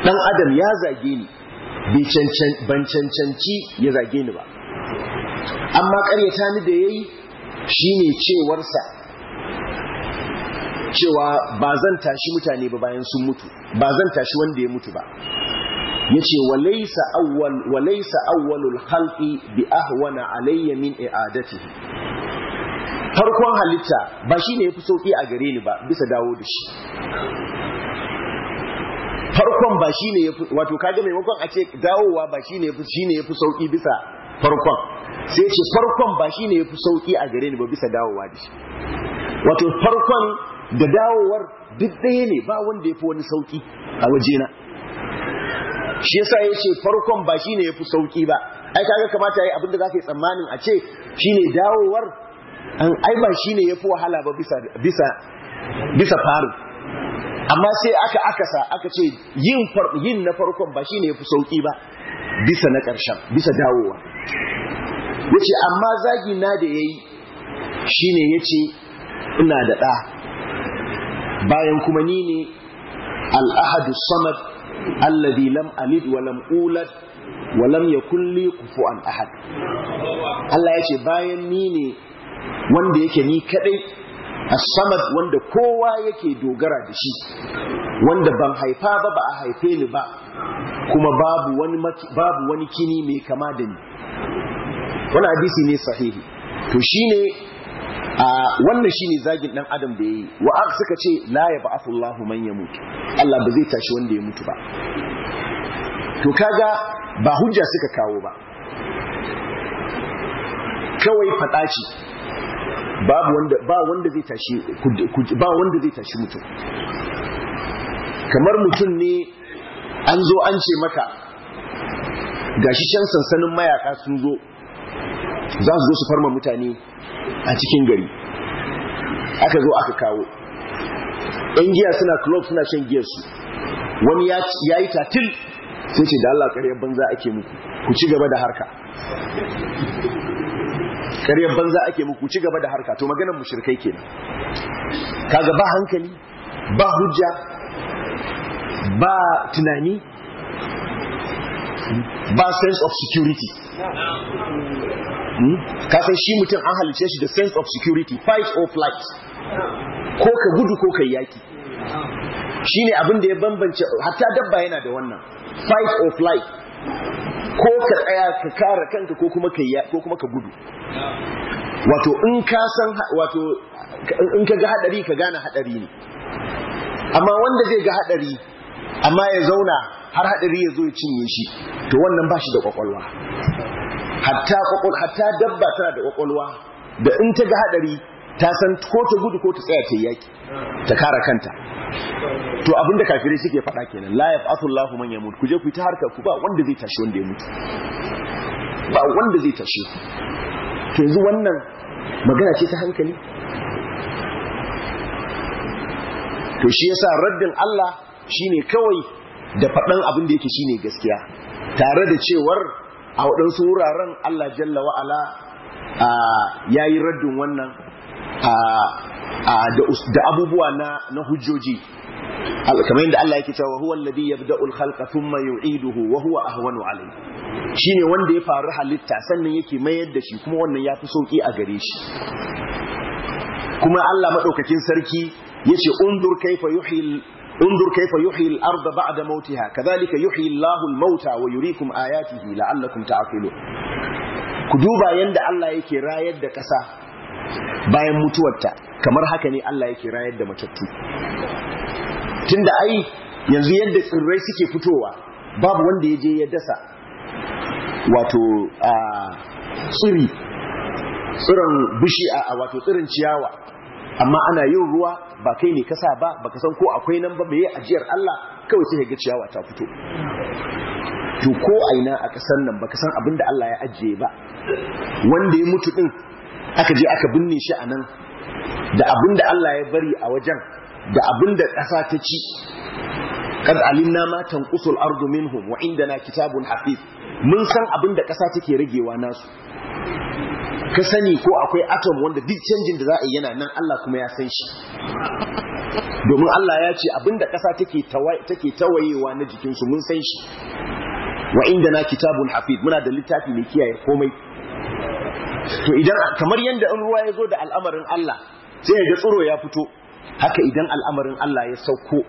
dan adam ya zage ni ban cancanci ya zage ni ba amma karyata ni da yayi shine cewarsa cewa ba zan tashi mutane ba bayan sun mutu ba zan tashi wanda ya mutu ba yace ce wa laisa awwalul halfi bi ahwana alayya min i'adatihi farkon halitta ba shine yafi sauki a gare ni ba bisa dawo da shi farkon ba ya fi wato kaje maimakon a ce dawowa ba shine yafi ya fi sauki bisa farkon sai ce farkon ba shine yafi sauki a gare ni ba bisa dawowa da shi wato farkon da dawowar duk ɗaya ne ba wanda ya fi wani sauki a wajena shi yasa ya ce farkon ba shi ne ya fi sauki ba ai kaga kamata ya yi abinda za ka yi tsammanin a ce shi ne dawowar an ai shi ne ya fi wahala ba bisa faru amma sai aka akasa aka ce yin na farkon ba shi ne ya fi sauki ba bisa na ƙarshen bisa dawowa ya ce amma zagi na da ya yi shi ne ya ce ina da ɗa bayan kuma ni ne al'ahadu samad alladhi lam alid wa lam ulad wa lam yakun li kufuwan ahad Allah ya ce bayan ni ne wanda yake ni kadai as-samad wanda kowa yake dogara da shi wanda ban haifa ba ba a haife ni ba kuma babu wani babu wani kini mai kama da ni wannan hadisi ne sahihi to shine wannan shi ne zagin dan adam da ya yi wa suka ce la yab'athu Allahu manya yamut Allah ba zai tashi wanda ya mutu ba to kaga ba hujja suka kawo ba kawai fada ce babu ba wanda zai tashi ba kamar mutum ne an zo an ce maka gashi can sansanin mayaka sun zo za su zo su farma mutane a cikin gari aka zo aka kawo yan giya suna club suna shan giyar su wani ya yi tatil sai ce da Allah karyar banza ake muku ku ci gaba da harka karyar banza ake muku ci gaba da harka to maganar mushrikai kenan kaga ba hankali ba hujja ba tunani ba sense of security Hmm? ka san shi mutum an halice shi da sense of security fight or flight ko ka gudu ko ka yaki ne abin da ya bambance hatta dabba yana da wannan fight or flight ko ka tsaya ka kare kanka ko kuma ka gudu wato in ka san wato in ka ga hadari ka gane hadari ne amma wanda zai ga hadari amma ya zauna har hadari ya zo ya cinye shi to wannan ba shi da kwakwalwa hatta dabba tana da kwakwalwa da in ta ga hadari ta san ko ta gudu ko ta tsaya ta yaki ta kara kanta to abinda kafirai suke faɗa kenan la yaf'athu Allahu man yamut ku ku ta harka ku ba wanda zai tashi wanda ya mutu ba wanda zai tashi to yanzu wannan magana ce ta hankali to shi yasa raddin Allah shine kawai da faɗan abin da yake shine gaskiya tare da cewar a waɗansu wuraren Allah jalla wa'ala ya yi raddin wannan da abubuwa na hujjoji kamar yadda Allah yake cewa huwa alladhi yabda'ul khalqa thumma yu'iduhu wa huwa ahwanu alayhi shine wanda ya faru halitta sannan yake mayar da shi kuma wannan yafi sauki a gare shi kuma Allah madaukakin sarki yace undur kaifa yuhil انظر كيف يحيي الأرض بعد موتها كذلك يحيي الله الموتى ويريكم آياته لعلكم تعقلون كدوبا يند الله rayar da ƙasa bayan mutuwarta kamar haka ne Allah yake rayar da matattu tunda ai yanzu yadda tsirrai suke fitowa babu wanda ya je ya dasa wato a tsiri tsirin bishiya a wato tsirin ciyawa amma ana yin ruwa ba kai ne kasa ba baka san ko akwai nan ba meye ajiyar Allah kawai sai ga ciyawa ta fito to ko aina a kasar nan baka san abin da Allah ya ajiye ba wanda ya mutu din aka je aka binne shi anan da abin da Allah ya bari a wajen da abin da ƙasa ta ci kad alimna ma tanqusul ardu minhum wa indana kitabun hafiz mun san abin da ƙasa take ragewa nasu ka sani ko akwai atom wanda duk canjin da za a yi yana nan Allah kuma ya san shi domin Allah ya ce abinda ƙasa take tawayewa na jikinsu mun san shi wa inda na kitabun hafid muna da littafi mai kiyaye komai to idan kamar yadda in ruwa ya zo da al'amarin Allah sai ya ga tsoro ya fito haka idan al'amarin Allah ya sauko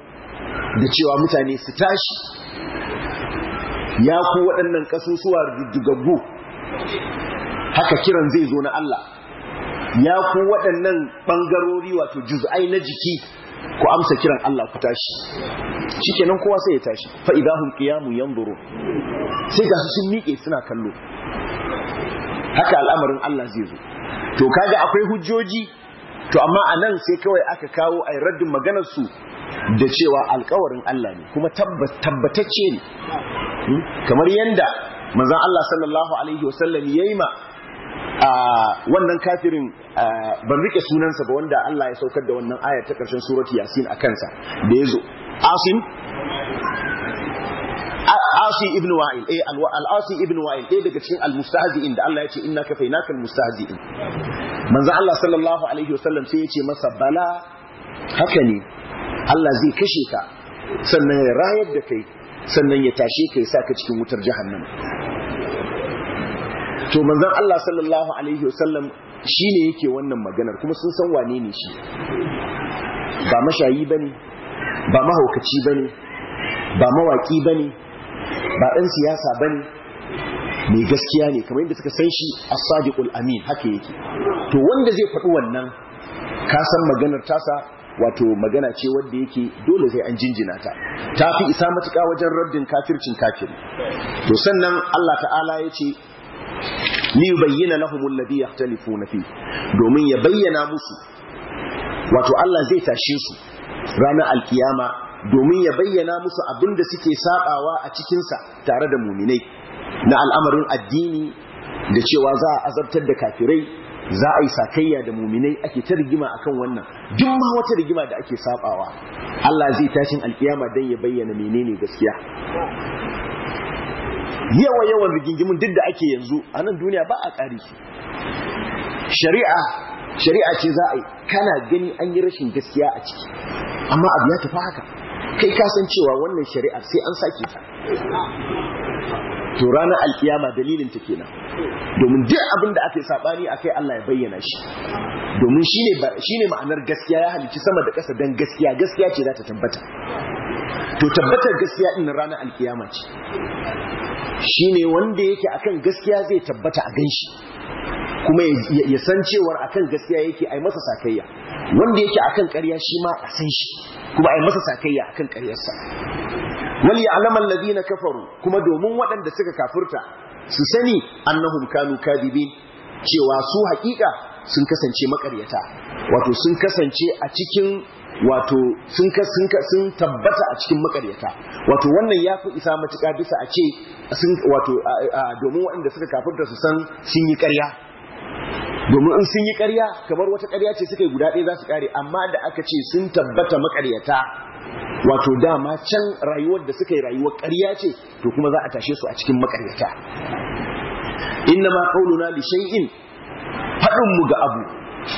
da cewa mutane su tashi ya ku waɗannan ƙasusuwa dugaggo haka kiran zai zo na Allah ya ku waɗannan ɓangarori wato juz'ai na jiki ku amsa kiran Allah ku tashi shikenan kowa sai ya tashi fa idahum qiyamun yanzuru sai ga su sun miƙe suna kallo haka al'amarin Allah zai zo to kaga akwai hujjoji to amma a nan sai kawai aka kawo ai raddin maganar su da cewa alkawarin Allah ne kuma tabbatacce ne hmm? kamar yanda manzon Allah sallallahu alaihi wasallam yayi ma wannan kafirin ban rike sunansa ba wanda Allah ya saukar da wannan ayar ta karshen surat yasin a kansa da ya zo asin ibn Wa'il eh al ibn Wa'il eh daga cikin al-mustahzi'in da Allah ya ce inna kafaynaka al-mustahzi'in manzo Allah sallallahu alaihi wasallam sai ya ce masa bala haka ne Allah zai kashe ka sannan ya rayar da kai sannan ya tashe ka ya saka cikin wutar jahannama to manzon Allah sallallahu alaihi wasallam shine yake wannan maganar kuma sun san wane ne shi ba mashayi bane ba mahaukaci bane ba mawaki bane ba ɗan siyasa bane mai gaskiya ne kamar yadda suka san shi as-sadiqul amin haka yake to wanda zai faɗi wannan ka san maganar tasa wato magana ce wadda yake dole zai an jinjina ta ta fi isa matuka wajen raddin kafircin kafiri to sannan Allah ta'ala ya ce li bayyana lahum alladhi yahtalifuna fi domin ya bayyana musu wato Allah zai tashe su ranar alkiyama domin ya bayyana musu abinda suke sabawa a cikin sa tare da muminai na al'amarin addini da cewa za a azabtar da kafirai za a yi sakayya da muminai ake ta rigima akan wannan duk ma wata rigima da ake sabawa Allah zai tashin alkiyama dan ya bayyana menene gaskiya yawa yawan rigingimin duk da ake yanzu a nan duniya ba a ƙari su shari'a shari'a ce za a yi kana gani an yi rashin gaskiya a ciki amma abu ya tafi haka kai san cewa wannan shari'ar sai an sake ta to ranar alkiyama dalilin ta kenan domin duk abin da aka yi sabani akai Allah ya bayyana shi domin shine shine ma'anar gaskiya ya halici sama da ƙasa dan gaskiya gaskiya ce za ta tabbata to tabbatar gaskiya din ranar alkiyama ce shine wanda yake akan gaskiya zai tabbata a ganshi kuma ya san cewar akan gaskiya yake ai masa sakayya wanda yake akan ƙarya shi ma a san shi kuma ai masa sakayya akan ƙaryarsa wal ya'lamu na kafaru kuma domin waɗanda suka kafurta su sani annahum kanu kadibin cewa su haƙiƙa sun kasance maƙaryata wato sun kasance a cikin wato sun ka sun ka sun tabbata a cikin makaryata wato wannan ya fi isa matuƙa bisa a ce sun wato domin waɗanda suka da su san sun yi ƙarya domin in sun yi ƙarya kamar wata karya ce suka yi guda ɗaya za su ƙare amma da aka ce sun tabbata makaryata wato dama can rayuwar da suka yi rayuwar karya ce to kuma za a tashe su a cikin makaryata inna ma qauluna li shay'in faɗinmu mu ga abu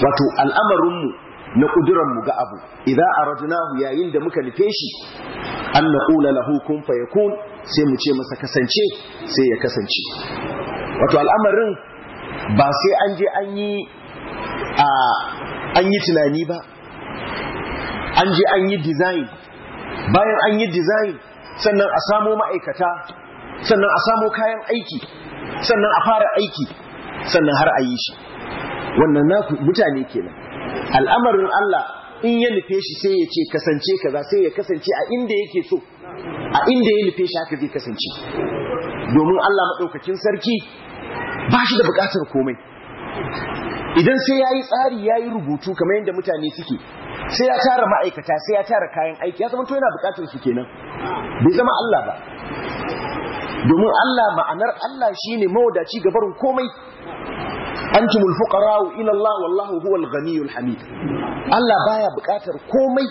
wato al'amarinmu. na kuduran mu ga abu idza aradnahu yayin da muka nufe shi an naqula lahu kun fayakun sai mu ce masa kasance sai ya kasance wato al'amarin ba sai an je an yi a an yi tunani ba an je an yi design bayan an yi design sannan a samo ma'aikata sannan a samo kayan aiki sannan a fara aiki sannan har a yi shi wannan naku mutane kenan al'amarin Allah in ya nufe shi sai ya ce kasance kaza sai ya kasance a inda yake so a inda ya nufe shi haka zai kasance domin Allah maɗaukakin sarki ba shi da buƙatar komai idan sai ya yi tsari ya yi rubutu kamar yadda mutane suke sai ya tara ma'aikata sai ya tara kayan aiki ya zama to yana buƙatar su kenan bai zama Allah ba domin Allah ma'anar Allah shine mawadaci gabarin komai antumul fuqara'u ila Allah wallahu huwal ghaniyul hamid Allah baya bukatar komai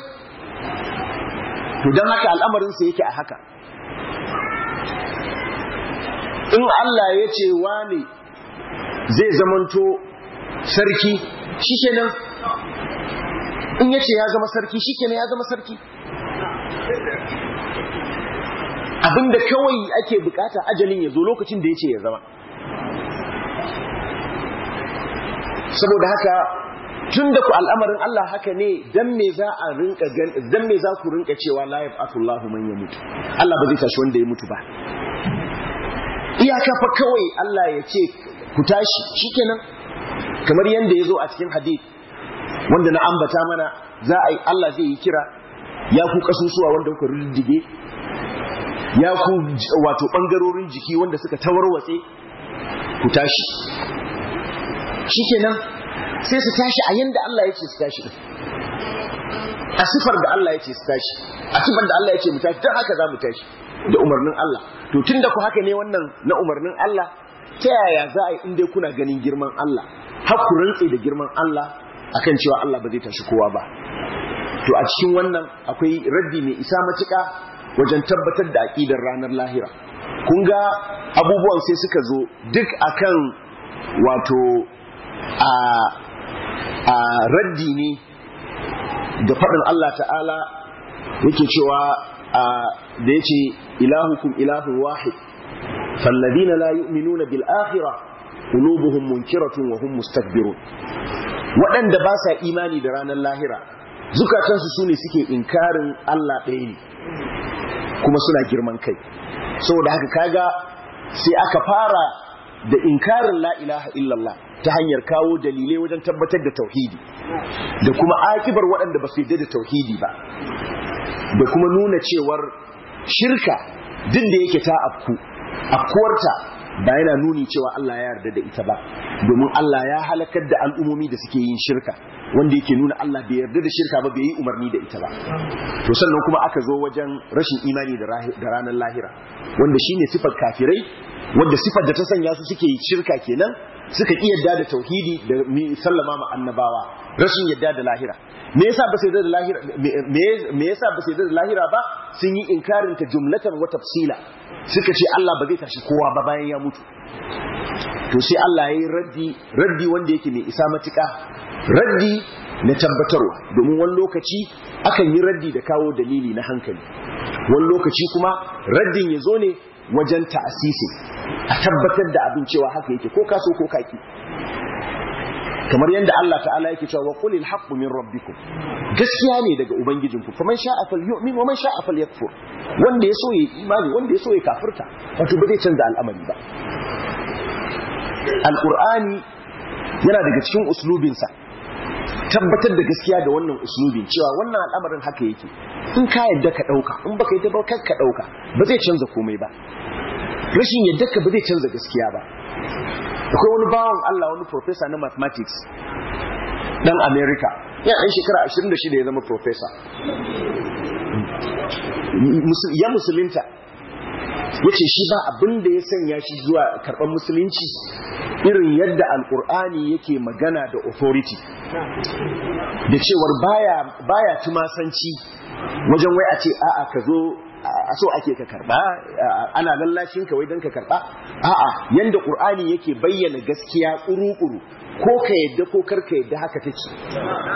to dan haka al'amarin sa yake a haka in Allah ya ce wane zai zamanto sarki shikenan in ya ce ya zama sarki shikenan ya zama sarki abinda kawai ake bukata ajalin ya zo lokacin da ya ce ya zama saboda haka tun da ku al'amarin Allah haka ne dan me za a rinka dan me za ku rinka cewa la yaf'atullahu man mutu? Allah ba zai tashi wanda ya mutu ba iyaka fa kawai Allah ya ce ku tashi shikenan kamar yanda ya zo a cikin hadith wanda na ambata mana za a yi Allah zai yi kira ya ku kasusuwa wanda kuka riddige ya ku wato bangarorin jiki wanda suka tawarwatse ku tashi shikenan sai su tashi a yanda Allah ya ce su tashi a sifar da Allah ya ce su tashi a sifar da Allah ya ce mu tashi don haka za mu tashi da umarnin Allah to tun da ku haka ne wannan na umarnin Allah ta yaya za a yi inda kuna ganin girman Allah har ku rantse da girman Allah kan cewa Allah ba zai tashi kowa ba to a cikin wannan akwai raddi mai isa matuka wajen tabbatar da aƙidar ranar lahira kun ga abubuwan sai suka zo duk akan wato a raddi ne da faɗin Allah ta'ala yake cewa da ya ce ilahukum ilahun wahid fallazina la yu'minuna bil akhirah qulubuhum munkiratun wa hum mustakbirun waɗanda ba sa imani da ranar lahira zukatansu su ne suke inkarin Allah ɗaya ne kuma suna girman kai saboda haka kaga sai aka fara da inkarin la ilaha illallah ta hanyar kawo dalilai wajen tabbatar da tauhidi da kuma akibar waɗanda ba su yi da tauhidi ba da kuma nuna cewar shirka din da yake ta afku afkuwarta ba yana nuni cewa Allah ya yarda da ita ba domin Allah ya halakar da al'umomi da suke yin shirka wanda yake nuna Allah bai yarda da shirka ba bai yi umarni da ita ba to sannan kuma aka zo wajen rashin imani da ranar lahira wanda shine sifar kafirai wanda sifar da ta sanya su suke shirka kenan suka ki yadda da tauhidi da sallama ma annabawa rashin yadda da lahira me yasa ba sai da lahira me yasa ba sai da lahira ba sun yi inkarin ta jumlatan wa tafsila suka ce Allah ba zai tashi kowa ba bayan ya mutu to sai Allah ya yi raddi raddi wanda yake mai isa matuka raddi na tabbatarwa domin wani lokaci akan yi raddi da kawo dalili na hankali wani lokaci kuma raddin ya zo ne wajen ta'asisi a tabbatar da abin cewa haka yake ko kaso ko kaki kamar yadda Allah ta'ala yake cewa qulil haqqu min rabbikum gaskiya ne daga ubangijinku faman sha'a falyu'min waman sha'a falyakfur wanda yaso yi imani wanda yaso yi kafirta wato ba zai canza al'amari ba alqur'ani yana daga cikin uslubinsa tabbatar da gaskiya da wannan uslubin cewa wannan al'amarin haka yake in ka yadda ka ɗauka in baka yadda ba ka ɗauka ba zai canza komai ba rashin yadda ka ba zai canza gaskiya ba akwai wani bawan Allah wani professor na mathematics dan America ya ɗan shekara 26 ya zama professor ya musulunta yace shi ba abin da ya sanya shi zuwa karɓar musulunci irin yadda Alƙur'ani yake magana da authority da cewar baya tumasanci wajen wai a ce a'a ka zo a so ake ka karɓa? ana lallashin ka wai don ka karɓa? a'a yadda ƙur'ani yake bayyana gaskiya kuru-kuru ko ka yadda ko kar ka yadda haka take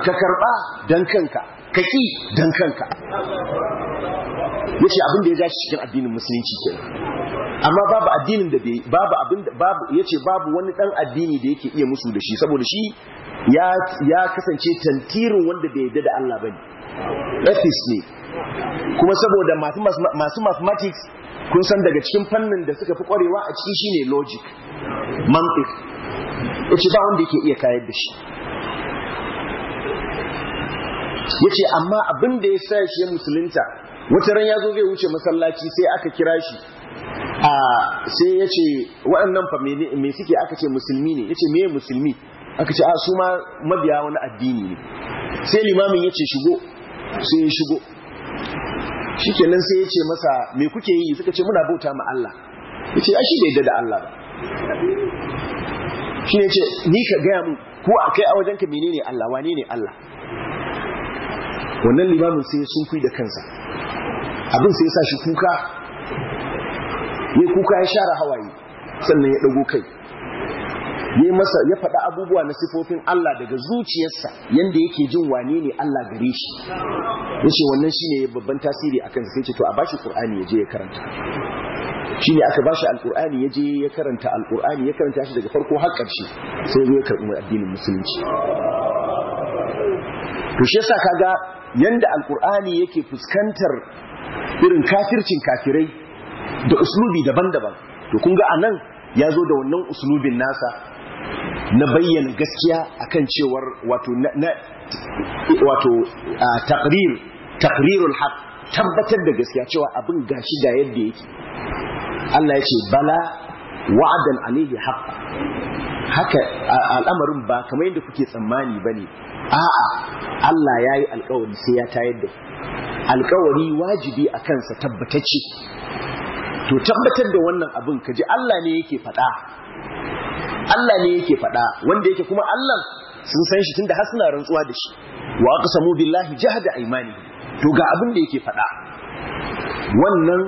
ka karɓa dan kanka ka ki dan kanka yace abin da ya dace cikin addinin musulunci ke amma babu addinin da bai babu abin da babu yace babu wani dan addini da yake iya musu da shi saboda shi ya ya kasance tantirin wanda bai yarda da Allah bane atheist ne kuma saboda masu masu mathematics kun san daga cikin fannin da suka fi kwarewa a ciki shine logic mantiq yace ba wanda yake iya kayar da shi yace amma abin da ya sa shi musulunta wata ran ya zo zai wuce masallaci sai aka kira shi a sai ya ce waɗannan fa me suke aka ce musulmi ne ya ce me musulmi aka ce a su ma mabiya wani addini ne sai limamin ya ce shigo sai ya shigo shikenan sai ya ce masa me kuke yi suka ce muna bauta ma Allah ya ce shi bai da Allah ba shi ne ce ni ka gaya mu ko a kai a wajenka menene Allah wane ne Allah wannan limamin sai sun kui da kansa abin sai ya sa shi kuka ya kuka ya share hawaye sannan ya ɗago kai ya masa ya faɗa abubuwa na sifofin Allah daga zuciyarsa yanda yake jin wane ne Allah gare shi ce wannan ne babban tasiri kan sai ce to a bashi Al-ƙur'ani ya je ya karanta shi ne aka bashi alƙur'ani ya je ya karanta alƙur'ani ya karanta shi daga farko har ƙarshe sai zo ya karɓi addinin musulunci to shi yasa kaga yanda alkur'ani yake fuskantar irin kafircin kafirai da uslubi daban-daban to kun ga anan ya zo da wannan uslubin nasa na bayyana gaskiya akan cewar wato na wato taqrir taqrirul haqq tabbatar da gaskiya cewa abin gashi da yadda yake Allah ya ce bala wa'adan alayhi haqq haka al'amarin ba kamar yadda kuke tsammani ba ne a'a Allah ya yi alkawari sai ya tayar da alkawari wajibi a kansa tabbatacce to tabbatar da wannan abin ka ji Allah ne yake faɗa Allah ne yake faɗa wanda yake kuma Allah sun san shi tunda har suna rantsuwa da shi wa aqsamu billahi jahda aymani to ga abin da yake faɗa wannan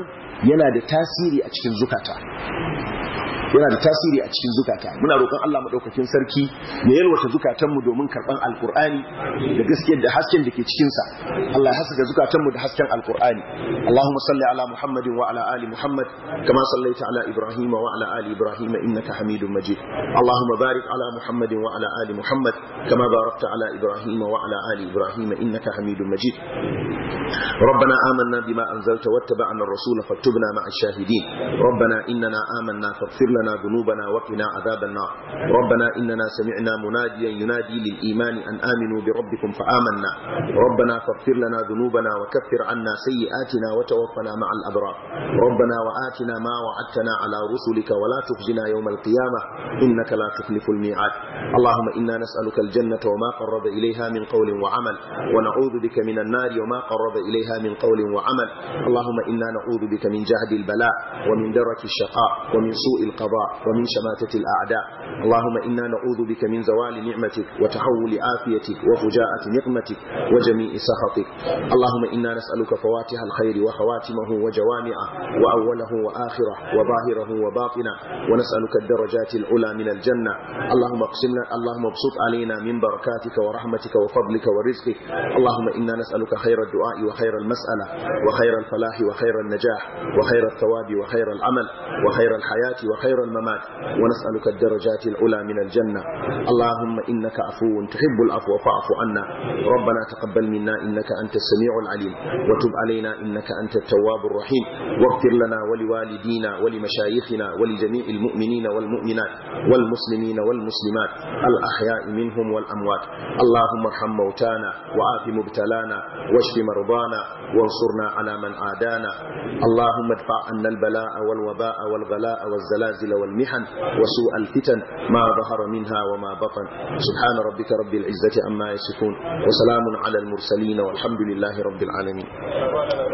yana da tasiri a cikin zukata yana da tasiri a cikin zukata muna roƙon Allah madaukakin sarki ya yalwata zukatanmu domin karban alqur'ani da gaskiyar da hasken da ke cikinsa. Allah ya haska zukatanmu da hasken alqur'ani Allahumma salli ala Muhammadin wa ala ali Muhammad kama sallaita ala Ibrahim wa ala ali Ibrahim innaka Hamidum Majid Allahumma barik ala Muhammadin wa ala ali Muhammad kama barakta ala Ibrahim wa ala ali Ibrahim innaka Hamidum Majid ربنا آمنا بما أنزلت واتبعنا الرسول فاكتبنا مع الشاهدين ربنا إننا آمنا فاغفر لنا لنا ذنوبنا وقنا عذاب النار ربنا إننا سمعنا مناديا ينادي للإيمان أن آمنوا بربكم فآمنا ربنا فاغفر لنا ذنوبنا وكفر عنا سيئاتنا وتوفنا مع الأبرار ربنا وآتنا ما وعدتنا على رسلك ولا تخزنا يوم القيامة إنك لا تخلف الميعاد اللهم إنا نسألك الجنة وما قرب إليها من قول وعمل ونعوذ بك من النار وما قرب إليها من قول وعمل اللهم إنا نعوذ بك من جهد البلاء ومن درك الشقاء ومن سوء القضاء القضاء ومن شماتة الأعداء اللهم إنا نعوذ بك من زوال نعمتك وتحول عافيتك وفجاءة نقمتك وجميع سخطك اللهم إنا نسألك فواتح الخير وخواتمه وجوامعه وأوله وآخره وظاهره وباطنه ونسألك الدرجات العلى من الجنة اللهم اقسم اللهم ابسط علينا من بركاتك ورحمتك وفضلك ورزقك اللهم إنا نسألك خير الدعاء وخير المسألة وخير الفلاح وخير النجاح وخير الثواب وخير العمل وخير الحياة وخير والممات ونسألك الدرجات العلى من الجنة اللهم إنك عفو تحب العفو فاعف عنا ربنا تقبل منا إنك أنت السميع العليم وتب علينا إنك أنت التواب الرحيم واغفر لنا ولوالدينا ولمشايخنا ولجميع المؤمنين والمؤمنات والمسلمين والمسلمات الأحياء منهم والأموات اللهم ارحم موتانا وعاف مبتلانا واشف مرضانا وانصرنا على من عادانا اللهم ادفع عنا البلاء والوباء والغلاء والزلازل والزلازل والمحن وسوء الفتن ما ظهر منها وما بطن سبحان ربك رب العزة أما يصفون وسلام على المرسلين والحمد لله رب العالمين